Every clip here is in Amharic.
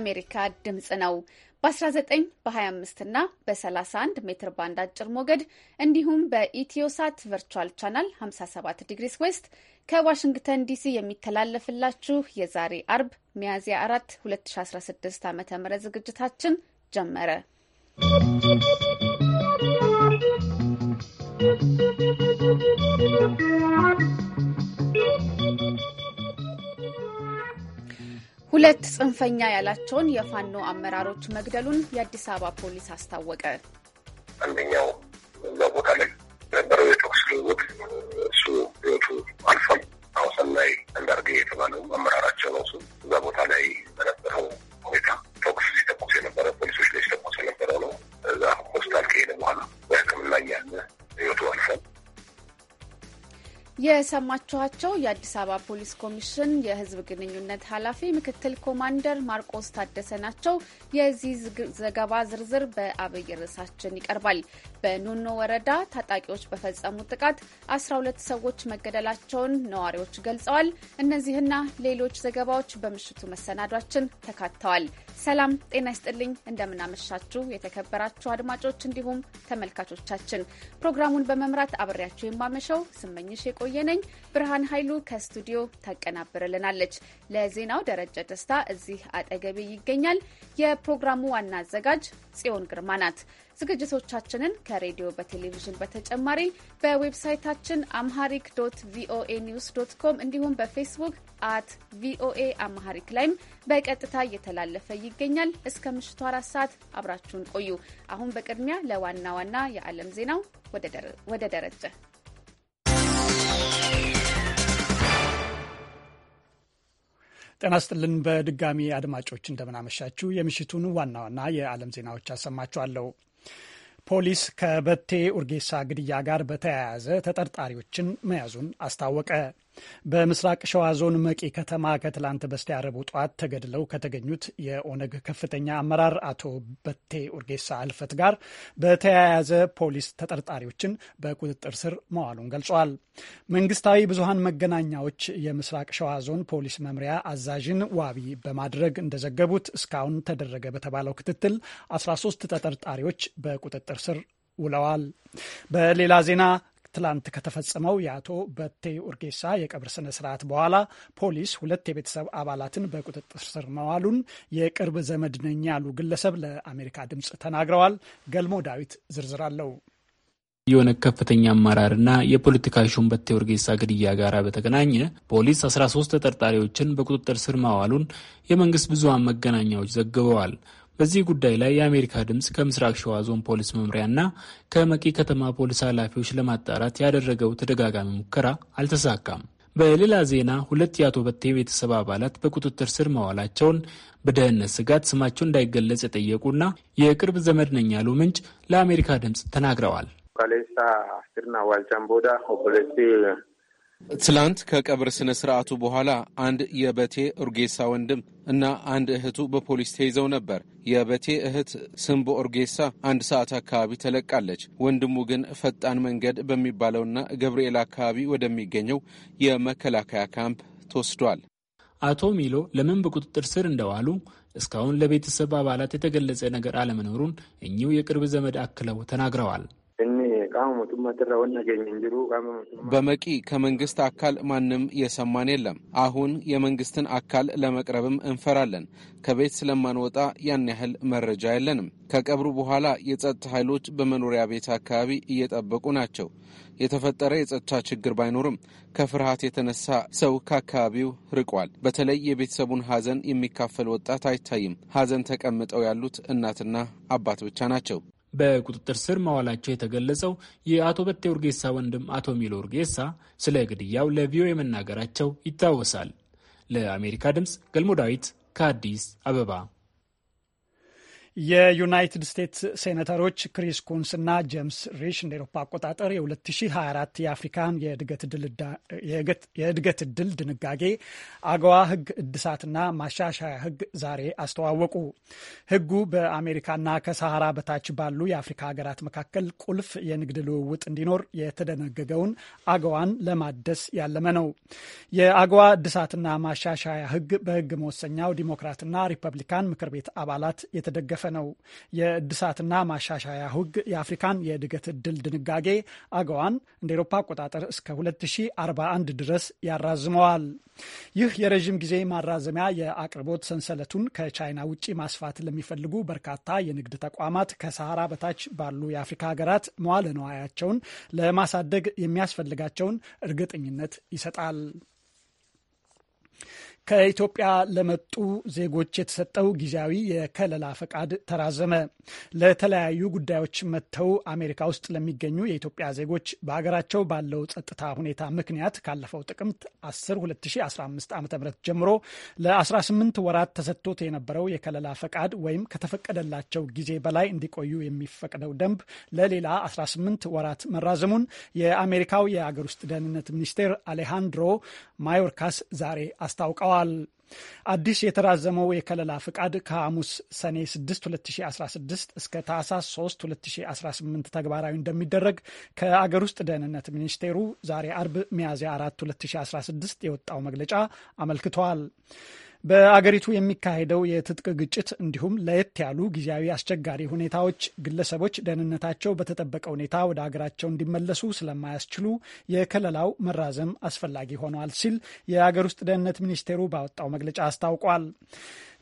የአሜሪካ ድምፅ ነው። በ19 በ25 እና በ31 ሜትር ባንድ አጭር ሞገድ እንዲሁም በኢትዮሳት ቨርቹዋል ቻናል 57 ዲግሪስ ዌስት ከዋሽንግተን ዲሲ የሚተላለፍላችሁ የዛሬ አርብ ሚያዝያ 4 2016 ዓ ም ዝግጅታችን ጀመረ። ¶¶ ሁለት ጽንፈኛ ያላቸውን የፋኖ አመራሮች መግደሉን የአዲስ አበባ ፖሊስ አስታወቀ። አንደኛው እዛ ቦታ ላይ ነበረው የተኩስ ልውውጥ እሱ ህይወቱ አልፏል። ሐውሰን ላይ እንዳርገ የተባለው አመራራቸው ነው። እሱ እዛ ቦታ ላይ በነበረው ሁኔታ ተኩስ ሲተኩስ የነበረ ፖሊሶች ላይ ሲተኩስ የነበረው ነው። እዛ ሆስፒታል ከሄደ በኋላ በህክምና እያለ የሰማችኋቸው የአዲስ አበባ ፖሊስ ኮሚሽን የሕዝብ ግንኙነት ኃላፊ ምክትል ኮማንደር ማርቆስ ታደሰ ናቸው። የዚህ ዘገባ ዝርዝር በአብይ ርዕሳችን ይቀርባል። በኖኖ ወረዳ ታጣቂዎች በፈጸሙት ጥቃት 12 ሰዎች መገደላቸውን ነዋሪዎች ገልጸዋል። እነዚህና ሌሎች ዘገባዎች በምሽቱ መሰናዷችን ተካተዋል። ሰላም ጤና ይስጥልኝ። እንደምናመሻችሁ የተከበራችሁ አድማጮች እንዲሁም ተመልካቾቻችን፣ ፕሮግራሙን በመምራት አብሬያችሁ የማመሸው ስመኝሽ የቆየ ነኝ። ብርሃን ኃይሉ ከስቱዲዮ ታቀናብርልናለች። ለዜናው ደረጀ ደስታ እዚህ አጠገቤ ይገኛል። የፕሮግራሙ ዋና አዘጋጅ ጽዮን ግርማ ናት። ዝግጅቶቻችንን ከሬዲዮ በቴሌቪዥን በተጨማሪ በዌብሳይታችን አምሃሪክ ዶት ቪኦኤ ኒውስ ዶት ኮም እንዲሁም በፌስቡክ አት ቪኦኤ አምሃሪክ ላይም በቀጥታ እየተላለፈ ይገኛል። እስከ ምሽቱ አራት ሰዓት አብራችሁን ቆዩ። አሁን በቅድሚያ ለዋና ዋና የዓለም ዜናው ወደ ደረጀ ጤና ስጥልን በድጋሚ አድማጮች እንደምናመሻችሁ። የምሽቱን ዋና ዋና የዓለም ዜናዎች አሰማችኋለሁ። ፖሊስ ከበቴ ኡርጌሳ ግድያ ጋር በተያያዘ ተጠርጣሪዎችን መያዙን አስታወቀ። በምስራቅ ሸዋ ዞን መቂ ከተማ ከትላንት በስቲያ ረቡዕ ጠዋት ተገድለው ከተገኙት የኦነግ ከፍተኛ አመራር አቶ በቴ ኡርጌሳ አልፈት ጋር በተያያዘ ፖሊስ ተጠርጣሪዎችን በቁጥጥር ስር መዋሉን ገልጿል። መንግስታዊ ብዙሃን መገናኛዎች የምስራቅ ሸዋ ዞን ፖሊስ መምሪያ አዛዥን ዋቢ በማድረግ እንደዘገቡት እስካሁን ተደረገ በተባለው ክትትል 13 ተጠርጣሪዎች በቁጥጥር ስር ውለዋል። በሌላ ዜና ትላንት ከተፈጸመው የአቶ በቴ ኡርጌሳ የቀብር ስነ ስርዓት በኋላ ፖሊስ ሁለት የቤተሰብ አባላትን በቁጥጥር ስር መዋሉን የቅርብ ዘመድ ነኝ ያሉ ግለሰብ ለአሜሪካ ድምፅ ተናግረዋል። ገልሞ ዳዊት ዝርዝር አለው። የኦነግ ከፍተኛ አመራርና የፖለቲካ ሹም በቴ ኡርጌሳ ግድያ ጋር በተገናኘ ፖሊስ 13 ተጠርጣሪዎችን በቁጥጥር ስር ማዋሉን የመንግስት ብዙሃን መገናኛዎች ዘግበዋል። በዚህ ጉዳይ ላይ የአሜሪካ ድምፅ ከምስራቅ ሸዋ ዞን ፖሊስ መምሪያና ከመቂ ከተማ ፖሊስ ኃላፊዎች ለማጣራት ያደረገው ተደጋጋሚ ሙከራ አልተሳካም። በሌላ ዜና ሁለት የአቶ በቴ ቤተሰብ አባላት በቁጥጥር ስር መዋላቸውን በደህንነት ስጋት ስማቸው እንዳይገለጽ የጠየቁና የቅርብ ዘመድ ነኝ ያሉ ምንጭ ለአሜሪካ ድምፅ ተናግረዋል። ትላንት ከቀብር ስነ ስርዓቱ በኋላ አንድ የበቴ ኡርጌሳ ወንድም እና አንድ እህቱ በፖሊስ ተይዘው ነበር። የበቴ እህት ስምቦ ኡርጌሳ አንድ ሰዓት አካባቢ ተለቃለች። ወንድሙ ግን ፈጣን መንገድ በሚባለውና ገብርኤል አካባቢ ወደሚገኘው የመከላከያ ካምፕ ተወስዷል። አቶ ሚሎ ለምን በቁጥጥር ስር እንደዋሉ እስካሁን ለቤተሰብ አባላት የተገለጸ ነገር አለመኖሩን እኚሁ የቅርብ ዘመድ አክለው ተናግረዋል። በመቂ ከመንግስት አካል ማንም የሰማን የለም። አሁን የመንግስትን አካል ለመቅረብም እንፈራለን። ከቤት ስለማንወጣ ያን ያህል መረጃ የለንም። ከቀብሩ በኋላ የጸጥታ ኃይሎች በመኖሪያ ቤት አካባቢ እየጠበቁ ናቸው። የተፈጠረ የጸጥታ ችግር ባይኖርም ከፍርሃት የተነሳ ሰው ከአካባቢው ርቋል። በተለይ የቤተሰቡን ሀዘን የሚካፈል ወጣት አይታይም። ሀዘን ተቀምጠው ያሉት እናትና አባት ብቻ ናቸው። በቁጥጥር ስር መዋላቸው የተገለጸው የአቶ በቴ ኡርጌሳ ወንድም አቶ ሚሎ ኡርጌሳ ስለ ግድያው ለቪኦኤ መናገራቸው ይታወሳል። ለአሜሪካ ድምፅ ገልሞ ዳዊት ከአዲስ አበባ የዩናይትድ ስቴትስ ሴኔተሮች ክሪስ ኩንስ እና ጄምስ ሪሽ እንደ ኤሮፓ አቆጣጠር የ2024 የአፍሪካን የእድገት እድል ድንጋጌ አገዋ ህግ እድሳትና ማሻሻያ ህግ ዛሬ አስተዋወቁ። ህጉ በአሜሪካና ከሰሃራ በታች ባሉ የአፍሪካ ሀገራት መካከል ቁልፍ የንግድ ልውውጥ እንዲኖር የተደነገገውን አገዋን ለማደስ ያለመ ነው። የአገዋ እድሳትና ማሻሻያ ህግ በህግ መወሰኛው ዲሞክራትና ሪፐብሊካን ምክር ቤት አባላት የተደገፈ ያለፈ ነው። የእድሳትና ማሻሻያ ህግ የአፍሪካን የእድገት እድል ድንጋጌ አገዋን እንደ ኤሮፓ አቆጣጠር እስከ 2041 ድረስ ያራዝመዋል። ይህ የረዥም ጊዜ ማራዘሚያ የአቅርቦት ሰንሰለቱን ከቻይና ውጭ ማስፋት ለሚፈልጉ በርካታ የንግድ ተቋማት ከሰሃራ በታች ባሉ የአፍሪካ ሀገራት መዋለ ነዋያቸውን ለማሳደግ የሚያስፈልጋቸውን እርግጠኝነት ይሰጣል። ከኢትዮጵያ ለመጡ ዜጎች የተሰጠው ጊዜያዊ የከለላ ፈቃድ ተራዘመ። ለተለያዩ ጉዳዮች መጥተው አሜሪካ ውስጥ ለሚገኙ የኢትዮጵያ ዜጎች በሀገራቸው ባለው ጸጥታ ሁኔታ ምክንያት ካለፈው ጥቅምት 10 2015 ዓ ም ጀምሮ ለ18 ወራት ተሰጥቶት የነበረው የከለላ ፈቃድ ወይም ከተፈቀደላቸው ጊዜ በላይ እንዲቆዩ የሚፈቅደው ደንብ ለሌላ 18 ወራት መራዘሙን የአሜሪካው የአገር ውስጥ ደህንነት ሚኒስቴር አሌሃንድሮ ማዮርካስ ዛሬ አስታውቀዋል። ገልጸዋል። አዲስ የተራዘመው የከለላ ፍቃድ ከሐሙስ ሰኔ 6 2016 እስከ ታህሳስ 3 2018 ተግባራዊ እንደሚደረግ ከአገር ውስጥ ደህንነት ሚኒስቴሩ ዛሬ አርብ ሚያዝያ 4 2016 የወጣው መግለጫ አመልክቷል። በአገሪቱ የሚካሄደው የትጥቅ ግጭት እንዲሁም ለየት ያሉ ጊዜያዊ አስቸጋሪ ሁኔታዎች ግለሰቦች ደህንነታቸው በተጠበቀ ሁኔታ ወደ አገራቸው እንዲመለሱ ስለማያስችሉ የከለላው መራዘም አስፈላጊ ሆኗል ሲል የአገር ውስጥ ደህንነት ሚኒስቴሩ ባወጣው መግለጫ አስታውቋል።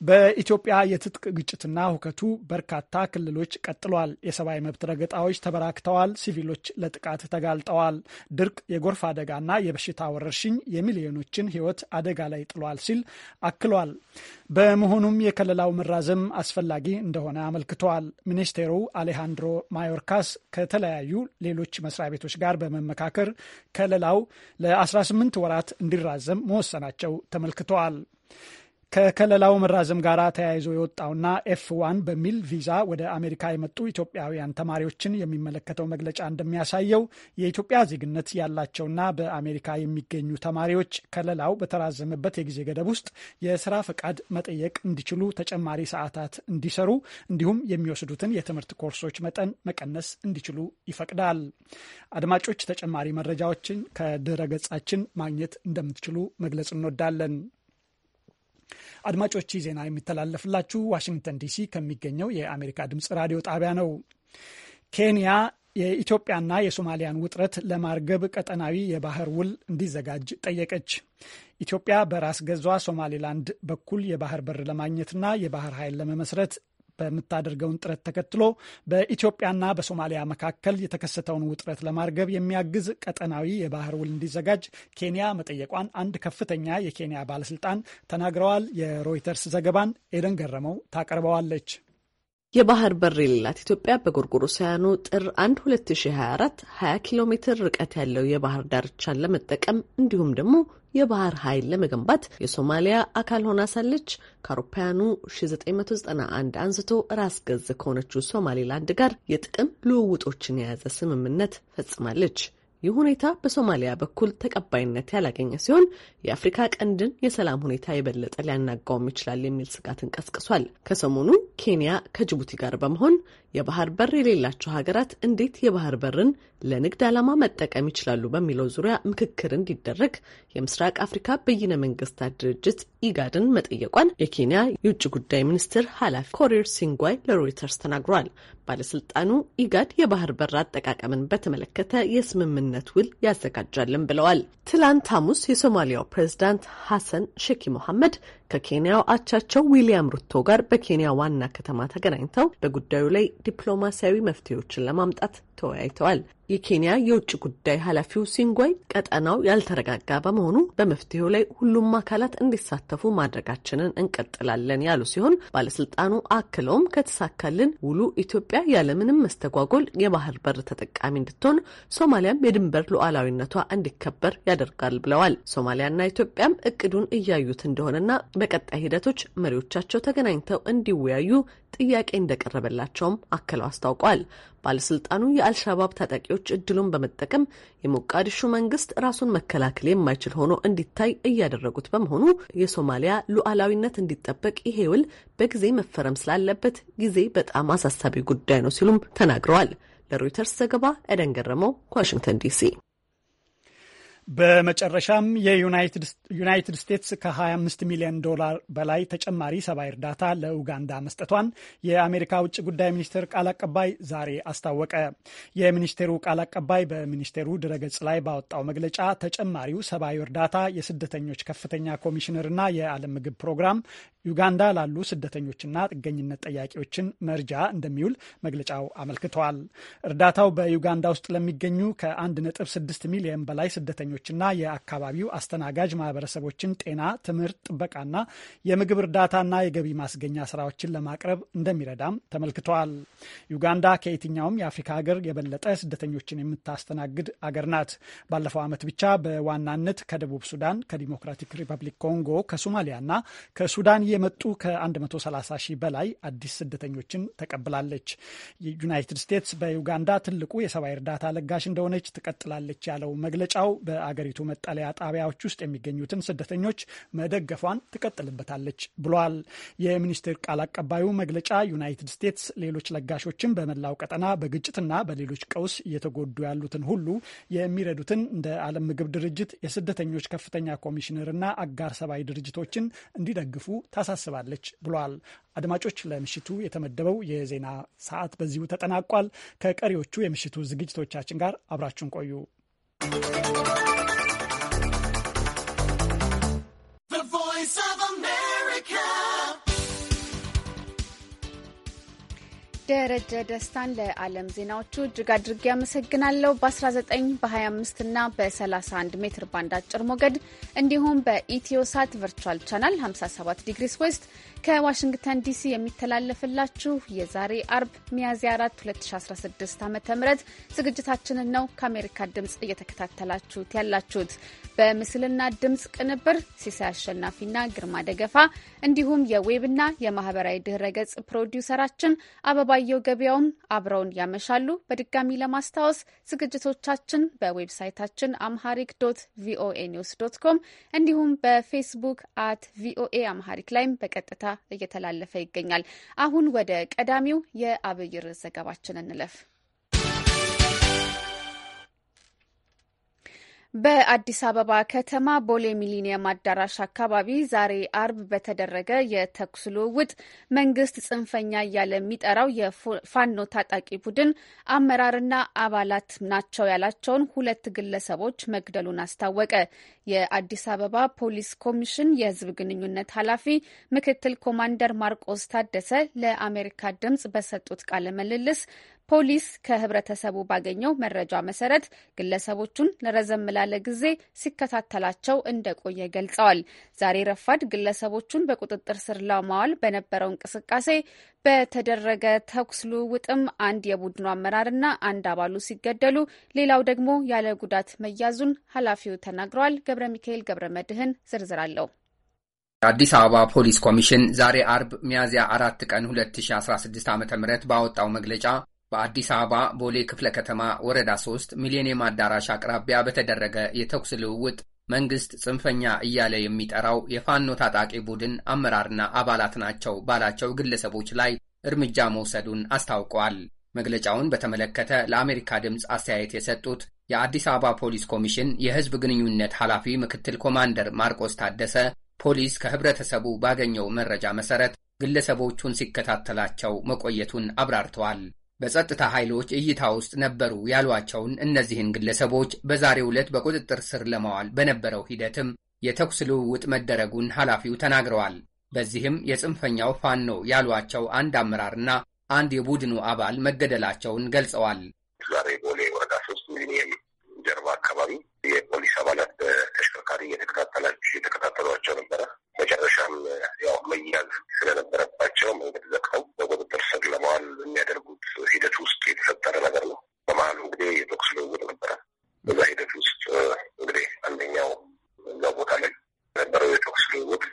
በኢትዮጵያ የትጥቅ ግጭትና ሁከቱ በርካታ ክልሎች ቀጥሏል። የሰብአዊ መብት ረገጣዎች ተበራክተዋል። ሲቪሎች ለጥቃት ተጋልጠዋል። ድርቅ፣ የጎርፍ አደጋና የበሽታ ወረርሽኝ የሚሊዮኖችን ሕይወት አደጋ ላይ ጥሏል ሲል አክሏል። በመሆኑም የከለላው መራዘም አስፈላጊ እንደሆነ አመልክተዋል። ሚኒስቴሩ አሌሃንድሮ ማዮርካስ ከተለያዩ ሌሎች መስሪያ ቤቶች ጋር በመመካከር ከለላው ለ18 ወራት እንዲራዘም መወሰናቸው ተመልክተዋል። ከከለላው መራዘም ጋር ተያይዞ የወጣውና ኤፍ ዋን በሚል ቪዛ ወደ አሜሪካ የመጡ ኢትዮጵያውያን ተማሪዎችን የሚመለከተው መግለጫ እንደሚያሳየው የኢትዮጵያ ዜግነት ያላቸውና በአሜሪካ የሚገኙ ተማሪዎች ከለላው በተራዘመበት የጊዜ ገደብ ውስጥ የስራ ፈቃድ መጠየቅ እንዲችሉ ተጨማሪ ሰዓታት እንዲሰሩ እንዲሁም የሚወስዱትን የትምህርት ኮርሶች መጠን መቀነስ እንዲችሉ ይፈቅዳል። አድማጮች ተጨማሪ መረጃዎችን ከድረ ገጻችን ማግኘት እንደምትችሉ መግለጽ እንወዳለን። አድማጮች ዜና የሚተላለፍላችሁ ዋሽንግተን ዲሲ ከሚገኘው የአሜሪካ ድምጽ ራዲዮ ጣቢያ ነው። ኬንያ የኢትዮጵያና የሶማሊያን ውጥረት ለማርገብ ቀጠናዊ የባህር ውል እንዲዘጋጅ ጠየቀች። ኢትዮጵያ በራስ ገዟ ሶማሌላንድ በኩል የባህር በር ለማግኘትና የባህር ኃይል ለመመስረት በምታደርገውን ጥረት ተከትሎ በኢትዮጵያና በሶማሊያ መካከል የተከሰተውን ውጥረት ለማርገብ የሚያግዝ ቀጠናዊ የባህር ውል እንዲዘጋጅ ኬንያ መጠየቋን አንድ ከፍተኛ የኬንያ ባለስልጣን ተናግረዋል። የሮይተርስ ዘገባን ኤደን ገረመው ታቀርበዋለች። የባህር በር የሌላት ኢትዮጵያ በጎርጎሮሳውያኑ ጥር 1 2024 20 ኪሎ ሜትር ርቀት ያለው የባህር ዳርቻን ለመጠቀም እንዲሁም ደግሞ የባህር ኃይል ለመገንባት የሶማሊያ አካል ሆና ሳለች ከአውሮፓውያኑ 1991 አንስቶ ራስ ገዝ ከሆነችው ሶማሌላንድ ጋር የጥቅም ልውውጦችን የያዘ ስምምነት ፈጽማለች። ይህ ሁኔታ በሶማሊያ በኩል ተቀባይነት ያላገኘ ሲሆን የአፍሪካ ቀንድን የሰላም ሁኔታ የበለጠ ሊያናጋውም ይችላል የሚል ስጋትን ቀስቅሷል። ከሰሞኑ ኬንያ ከጅቡቲ ጋር በመሆን የባህር በር የሌላቸው ሀገራት እንዴት የባህር በርን ለንግድ ዓላማ መጠቀም ይችላሉ በሚለው ዙሪያ ምክክር እንዲደረግ የምስራቅ አፍሪካ በይነ መንግስታት ድርጅት ኢጋድን መጠየቋን የኬንያ የውጭ ጉዳይ ሚኒስትር ኃላፊ ኮሪር ሲንጓይ ለሮይተርስ ተናግሯል። ባለስልጣኑ ኢጋድ የባህር በር አጠቃቀምን በተመለከተ የስምምነት ውል ያዘጋጃልን ብለዋል። ትላንት ሐሙስ የሶማሊያው ፕሬዚዳንት ሐሰን ሼኪ ሞሐመድ ከኬንያው አቻቸው ዊሊያም ሩቶ ጋር በኬንያ ዋና ከተማ ተገናኝተው በጉዳዩ ላይ ዲፕሎማሲያዊ መፍትሄዎችን ለማምጣት ተወያይተዋል። የኬንያ የውጭ ጉዳይ ኃላፊው ሲንጓይ ቀጠናው ያልተረጋጋ በመሆኑ በመፍትሄው ላይ ሁሉም አካላት እንዲሳተፉ ማድረጋችንን እንቀጥላለን ያሉ ሲሆን ባለስልጣኑ አክለውም ከተሳካልን ውሉ ኢትዮጵያ ያለምንም መስተጓጎል የባህር በር ተጠቃሚ እንድትሆን ሶማሊያም የድንበር ሉዓላዊነቷ እንዲከበር ያደርጋል ብለዋል። ሶማሊያና ኢትዮጵያም እቅዱን እያዩት እንደሆነና በቀጣይ ሂደቶች መሪዎቻቸው ተገናኝተው እንዲወያዩ ጥያቄ እንደቀረበላቸውም አክለው አስታውቋል። ባለስልጣኑ የአልሻባብ ታጣቂዎች እድሉን በመጠቀም የሞቃዲሹ መንግስት ራሱን መከላከል የማይችል ሆኖ እንዲታይ እያደረጉት በመሆኑ የሶማሊያ ሉዓላዊነት እንዲጠበቅ ይሄ ውል በጊዜ መፈረም ስላለበት ጊዜ በጣም አሳሳቢ ጉዳይ ነው ሲሉም ተናግረዋል። ለሮይተርስ ዘገባ ኤደን ገረመው ከዋሽንግተን ዲሲ በመጨረሻም የዩናይትድ ስቴትስ ከ25 ሚሊዮን ዶላር በላይ ተጨማሪ ሰብአዊ እርዳታ ለኡጋንዳ መስጠቷን የአሜሪካ ውጭ ጉዳይ ሚኒስቴር ቃል አቀባይ ዛሬ አስታወቀ። የሚኒስቴሩ ቃል አቀባይ በሚኒስቴሩ ድረገጽ ላይ ባወጣው መግለጫ ተጨማሪው ሰብአዊ እርዳታ የስደተኞች ከፍተኛ ኮሚሽነርና የዓለም ምግብ ፕሮግራም ዩጋንዳ ላሉ ስደተኞችና ጥገኝነት ጠያቂዎችን መርጃ እንደሚውል መግለጫው አመልክተዋል። እርዳታው በዩጋንዳ ውስጥ ለሚገኙ ከ1.6 ሚሊዮን በላይ ስደተኞች ነዋሪዎችና የአካባቢው አስተናጋጅ ማህበረሰቦችን ጤና፣ ትምህርት፣ ጥበቃና የምግብ እርዳታና የገቢ ማስገኛ ስራዎችን ለማቅረብ እንደሚረዳም ተመልክተዋል። ዩጋንዳ ከየትኛውም የአፍሪካ ሀገር የበለጠ ስደተኞችን የምታስተናግድ አገር ናት። ባለፈው ዓመት ብቻ በዋናነት ከደቡብ ሱዳን፣ ከዲሞክራቲክ ሪፐብሊክ ኮንጎ፣ ከሶማሊያና ከሱዳን የመጡ ከ130 ሺህ በላይ አዲስ ስደተኞችን ተቀብላለች። ዩናይትድ ስቴትስ በዩጋንዳ ትልቁ የሰብአዊ እርዳታ ለጋሽ እንደሆነች ትቀጥላለች ያለው መግለጫው በ በአገሪቱ መጠለያ ጣቢያዎች ውስጥ የሚገኙትን ስደተኞች መደገፏን ትቀጥልበታለች ብሏል። የሚኒስቴር ቃል አቀባዩ መግለጫ ዩናይትድ ስቴትስ ሌሎች ለጋሾችን በመላው ቀጠና በግጭትና በሌሎች ቀውስ እየተጎዱ ያሉትን ሁሉ የሚረዱትን እንደ ዓለም ምግብ ድርጅት የስደተኞች ከፍተኛ ኮሚሽነርና አጋር ሰብአዊ ድርጅቶችን እንዲደግፉ ታሳስባለች ብሏል። አድማጮች፣ ለምሽቱ የተመደበው የዜና ሰዓት በዚሁ ተጠናቋል። ከቀሪዎቹ የምሽቱ ዝግጅቶቻችን ጋር አብራችሁን ቆዩ። ደረጀ ደስታን ለዓለም ዜናዎቹ እጅግ አድርጌ አመሰግናለሁ። በ19 በ25 እና በ31 ሜትር ባንድ አጭር ሞገድ እንዲሁም በኢትዮሳት ቨርቹዋል ቻናል 57 ዲግሪስ ዌስት ከዋሽንግተን ዲሲ የሚተላለፍላችሁ የዛሬ አርብ ሚያዝያ 4 2016 ዓ ም ዝግጅታችንን ነው ከአሜሪካ ድምፅ እየተከታተላችሁት ያላችሁት። በምስልና ድምፅ ቅንብር ሲሳይ አሸናፊና ግርማ ደገፋ እንዲሁም የዌብና የማህበራዊ ድህረ ገጽ ፕሮዲውሰራችን አበባየው ገበያውም አብረውን ያመሻሉ። በድጋሚ ለማስታወስ ዝግጅቶቻችን በዌብሳይታችን አምሃሪክ ዶት ቪኦኤ ኒውስ ዶት ኮም እንዲሁም በፌስቡክ አት ቪኦኤ አምሃሪክ ላይም በቀጥታ እየተላለፈ ይገኛል። አሁን ወደ ቀዳሚው የአብይ ርዕስ ዘገባችን እንለፍ። በአዲስ አበባ ከተማ ቦሌ ሚሊኒየም አዳራሽ አካባቢ ዛሬ አርብ በተደረገ የተኩስ ልውውጥ መንግስት ጽንፈኛ እያለ የሚጠራው የፋኖ ታጣቂ ቡድን አመራርና አባላት ናቸው ያላቸውን ሁለት ግለሰቦች መግደሉን አስታወቀ። የአዲስ አበባ ፖሊስ ኮሚሽን የህዝብ ግንኙነት ኃላፊ ምክትል ኮማንደር ማርቆስ ታደሰ ለአሜሪካ ድምጽ በሰጡት ቃለ ምልልስ ፖሊስ ከህብረተሰቡ ባገኘው መረጃ መሰረት ግለሰቦቹን ለረዘም ላለ ጊዜ ሲከታተላቸው እንደቆየ ገልጸዋል። ዛሬ ረፋድ ግለሰቦቹን በቁጥጥር ስር ለማዋል በነበረው እንቅስቃሴ በተደረገ ተኩስ ልውውጥም አንድ የቡድኑ አመራርና አንድ አባሉ ሲገደሉ፣ ሌላው ደግሞ ያለ ጉዳት መያዙን ኃላፊው ተናግረዋል። ገብረ ሚካኤል ገብረ መድህን ዝርዝር አለው። የአዲስ አበባ ፖሊስ ኮሚሽን ዛሬ አርብ ሚያዝያ አራት ቀን 2016 ዓ ም ባወጣው መግለጫ በአዲስ አበባ ቦሌ ክፍለ ከተማ ወረዳ 3 ሚሊኒየም አዳራሽ አቅራቢያ በተደረገ የተኩስ ልውውጥ መንግስት ጽንፈኛ እያለ የሚጠራው የፋኖ ታጣቂ ቡድን አመራርና አባላት ናቸው ባላቸው ግለሰቦች ላይ እርምጃ መውሰዱን አስታውቋል። መግለጫውን በተመለከተ ለአሜሪካ ድምፅ አስተያየት የሰጡት የአዲስ አበባ ፖሊስ ኮሚሽን የህዝብ ግንኙነት ኃላፊ ምክትል ኮማንደር ማርቆስ ታደሰ ፖሊስ ከህብረተሰቡ ባገኘው መረጃ መሰረት ግለሰቦቹን ሲከታተላቸው መቆየቱን አብራርተዋል። በጸጥታ ኃይሎች እይታ ውስጥ ነበሩ ያሏቸውን እነዚህን ግለሰቦች በዛሬው ዕለት በቁጥጥር ስር ለማዋል በነበረው ሂደትም የተኩስ ልውውጥ መደረጉን ኃላፊው ተናግረዋል። በዚህም የጽንፈኛው ፋኖ ያሏቸው አንድ አመራርና አንድ የቡድኑ አባል መገደላቸውን ገልጸዋል። ዛሬ ቦሌ ወረዳ ሶስት ሚሊኒየም ጀርባ አካባቢ የፖሊስ አባላት በተሽከርካሪ እየተከታተሏቸው ነበረ። መጨረሻም ያው መያዝ ስለነበረባቸው መንገድ ዘግተው በቁጥጥር ስር ለመዋል የሚያደርጉት ሂደት ውስጥ የተፈጠረ ነገር ነው። በመሀል እንግዲህ የተኩስ ልውውጥ ነበረ። በዛ ሂደት ውስጥ እንግዲህ አንደኛው እዛ ቦታ ላይ ነበረው የተኩስ ልውውጥ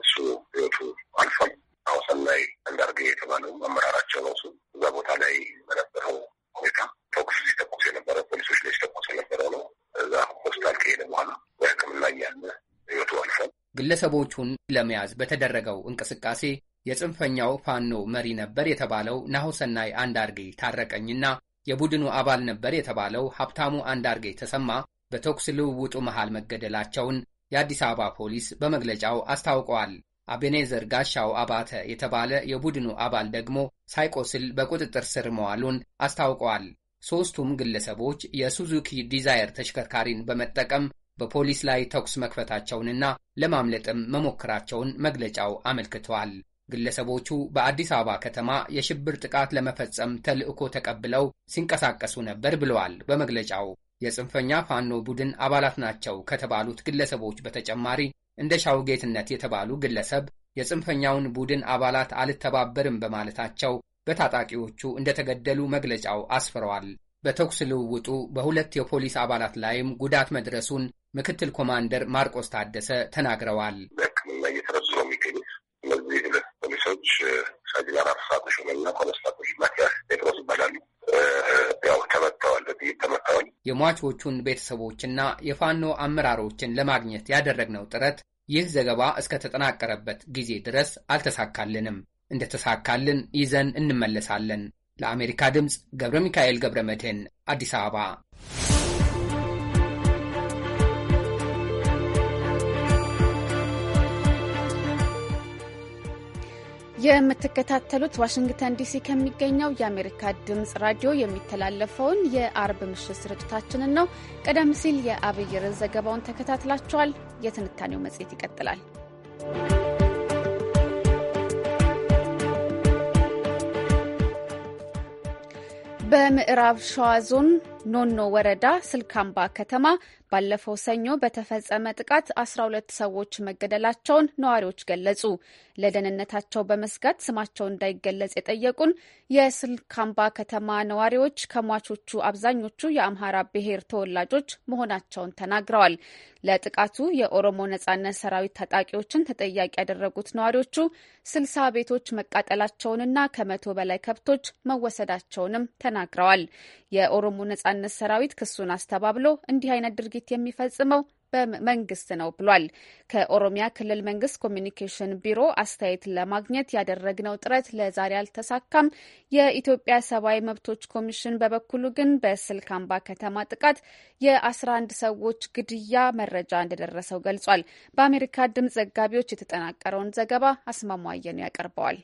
እሱ ህይወቱ አልፏል። አውሰን ላይ አንዳርጌ የተባለው አመራራቸው ነው። እሱ እዛ ቦታ ላይ በነበረው ሁኔታ ተኩስ ሲተኩስ የነበረ ፖሊሶች ላይ ሲተኩስ የነበረው ነው። እዛ ሆስፒታል ከሄደ በኋላ በህክምና እያለ አልፏል። ግለሰቦቹን ለመያዝ በተደረገው እንቅስቃሴ የጽንፈኛው ፋኖ መሪ ነበር የተባለው ናሁሰናይ አንዳርጌ ታረቀኝና የቡድኑ አባል ነበር የተባለው ሀብታሙ አንዳርጌ ተሰማ በተኩስ ልውውጡ መሃል መገደላቸውን የአዲስ አበባ ፖሊስ በመግለጫው አስታውቀዋል። አቤኔዘር ጋሻው አባተ የተባለ የቡድኑ አባል ደግሞ ሳይቆስል በቁጥጥር ስር መዋሉን አስታውቀዋል። ሦስቱም ግለሰቦች የሱዙኪ ዲዛየር ተሽከርካሪን በመጠቀም በፖሊስ ላይ ተኩስ መክፈታቸውንና ለማምለጥም መሞከራቸውን መግለጫው አመልክቷል። ግለሰቦቹ በአዲስ አበባ ከተማ የሽብር ጥቃት ለመፈጸም ተልዕኮ ተቀብለው ሲንቀሳቀሱ ነበር ብለዋል በመግለጫው። የጽንፈኛ ፋኖ ቡድን አባላት ናቸው ከተባሉት ግለሰቦች በተጨማሪ እንደ ሻውጌትነት የተባሉ ግለሰብ የጽንፈኛውን ቡድን አባላት አልተባበርም በማለታቸው በታጣቂዎቹ እንደተገደሉ መግለጫው አስፍረዋል። በተኩስ ልውውጡ በሁለት የፖሊስ አባላት ላይም ጉዳት መድረሱን ምክትል ኮማንደር ማርቆስ ታደሰ ተናግረዋል። በሕክምና እየተረዱ ነው የሚገኙት እነዚህ ሁለት ፖሊሶች ሳጅን አራት ሰዓት ሹመና ኮንስታቶች ማቲያስ ጴጥሮስ ይባላሉ። ያው ተመተዋል፣ በጥይት ተመተዋል። የሟቾቹን ቤተሰቦችና የፋኖ አመራሮችን ለማግኘት ያደረግነው ጥረት ይህ ዘገባ እስከተጠናቀረበት ጊዜ ድረስ አልተሳካልንም። እንደተሳካልን ይዘን እንመለሳለን። ለአሜሪካ ድምፅ ገብረ ሚካኤል ገብረ መድህን አዲስ አበባ። የምትከታተሉት ዋሽንግተን ዲሲ ከሚገኘው የአሜሪካ ድምፅ ራዲዮ የሚተላለፈውን የአርብ ምሽት ስርጭታችንን ነው። ቀደም ሲል የአብይርን ዘገባውን ተከታትላችኋል። የትንታኔው መጽሔት ይቀጥላል። በምዕራብ ሸዋ ዞን ኖኖ ወረዳ ስልካምባ ከተማ ባለፈው ሰኞ በተፈጸመ ጥቃት 12 ሰዎች መገደላቸውን ነዋሪዎች ገለጹ። ለደህንነታቸው በመስጋት ስማቸው እንዳይገለጽ የጠየቁን የስልካምባ ከተማ ነዋሪዎች ከሟቾቹ አብዛኞቹ የአምሃራ ብሔር ተወላጆች መሆናቸውን ተናግረዋል። ለጥቃቱ የኦሮሞ ነጻነት ሰራዊት ታጣቂዎችን ተጠያቂ ያደረጉት ነዋሪዎቹ ስልሳ ቤቶች መቃጠላቸውንና ከመቶ በላይ ከብቶች መወሰዳቸውንም ተናግረዋል። የኦሮሞ ነጻ ነጻነት ሰራዊት ክሱን አስተባብሎ እንዲህ አይነት ድርጊት የሚፈጽመው በመንግስት ነው ብሏል። ከኦሮሚያ ክልል መንግስት ኮሚኒኬሽን ቢሮ አስተያየት ለማግኘት ያደረግነው ጥረት ለዛሬ አልተሳካም። የኢትዮጵያ ሰብአዊ መብቶች ኮሚሽን በበኩሉ ግን በስልክ አምባ ከተማ ጥቃት የ11 ሰዎች ግድያ መረጃ እንደደረሰው ገልጿል። በአሜሪካ ድምፅ ዘጋቢዎች የተጠናቀረውን ዘገባ አስማማየኑ ያቀርበዋል።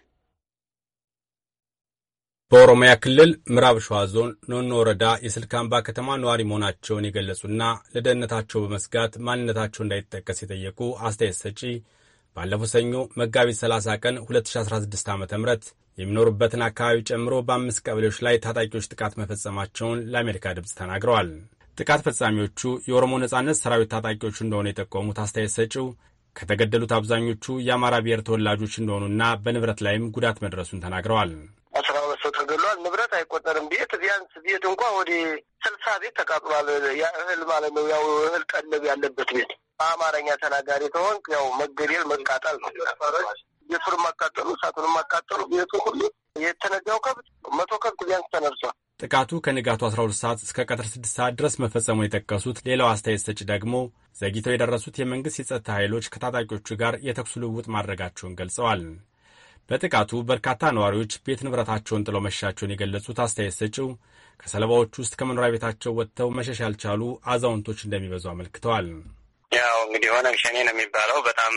በኦሮሚያ ክልል ምዕራብ ሸዋ ዞን ኖኖ ወረዳ የስልክ አምባ ከተማ ነዋሪ መሆናቸውን የገለጹና ለደህንነታቸው በመስጋት ማንነታቸው እንዳይጠቀስ የጠየቁ አስተያየት ሰጪ ባለፈው ሰኞ መጋቢት 30 ቀን 2016 ዓ ም የሚኖሩበትን አካባቢ ጨምሮ በአምስት ቀበሌዎች ላይ ታጣቂዎች ጥቃት መፈጸማቸውን ለአሜሪካ ድምፅ ተናግረዋል። ጥቃት ፈጻሚዎቹ የኦሮሞ ነጻነት ሰራዊት ታጣቂዎች እንደሆኑ የጠቆሙት አስተያየት ሰጪው ከተገደሉት አብዛኞቹ የአማራ ብሔር ተወላጆች እንደሆኑና በንብረት ላይም ጉዳት መድረሱን ተናግረዋል። አስራ ሁለት ሰው ተገሏል። ንብረት አይቆጠርም። ቤት ቢያንስ ቤት እንኳ ወደ ስልሳ ቤት ተቃጥሏል። ያ እህል ማለት ነው። ያው እህል ቀለብ ያለበት ቤት በአማርኛ ተናጋሪ ከሆንክ ያው መገደል መቃጠል ነው። ቤቱን ማቃጠሉ፣ እሳቱን ማቃጠሉ፣ ቤቱ ሁሉ የተነዳው ከብት መቶ ከብት ቢያንስ ተነርሷል። ጥቃቱ ከንጋቱ 12 ሰዓት እስከ ቀጥር 6 ሰዓት ድረስ መፈጸሙን የጠቀሱት ሌላው አስተያየት ሰጪ ደግሞ ዘግይተው የደረሱት የመንግስት የጸጥታ ኃይሎች ከታጣቂዎቹ ጋር የተኩስ ልውውጥ ማድረጋቸውን ገልጸዋል። በጥቃቱ በርካታ ነዋሪዎች ቤት ንብረታቸውን ጥለው መሸሻቸውን የገለጹት አስተያየት ሰጪው ከሰለባዎች ውስጥ ከመኖሪያ ቤታቸው ወጥተው መሸሽ ያልቻሉ አዛውንቶች እንደሚበዙ አመልክተዋል። ያው እንግዲህ ኦነግ ሸኔ ነው የሚባለው በጣም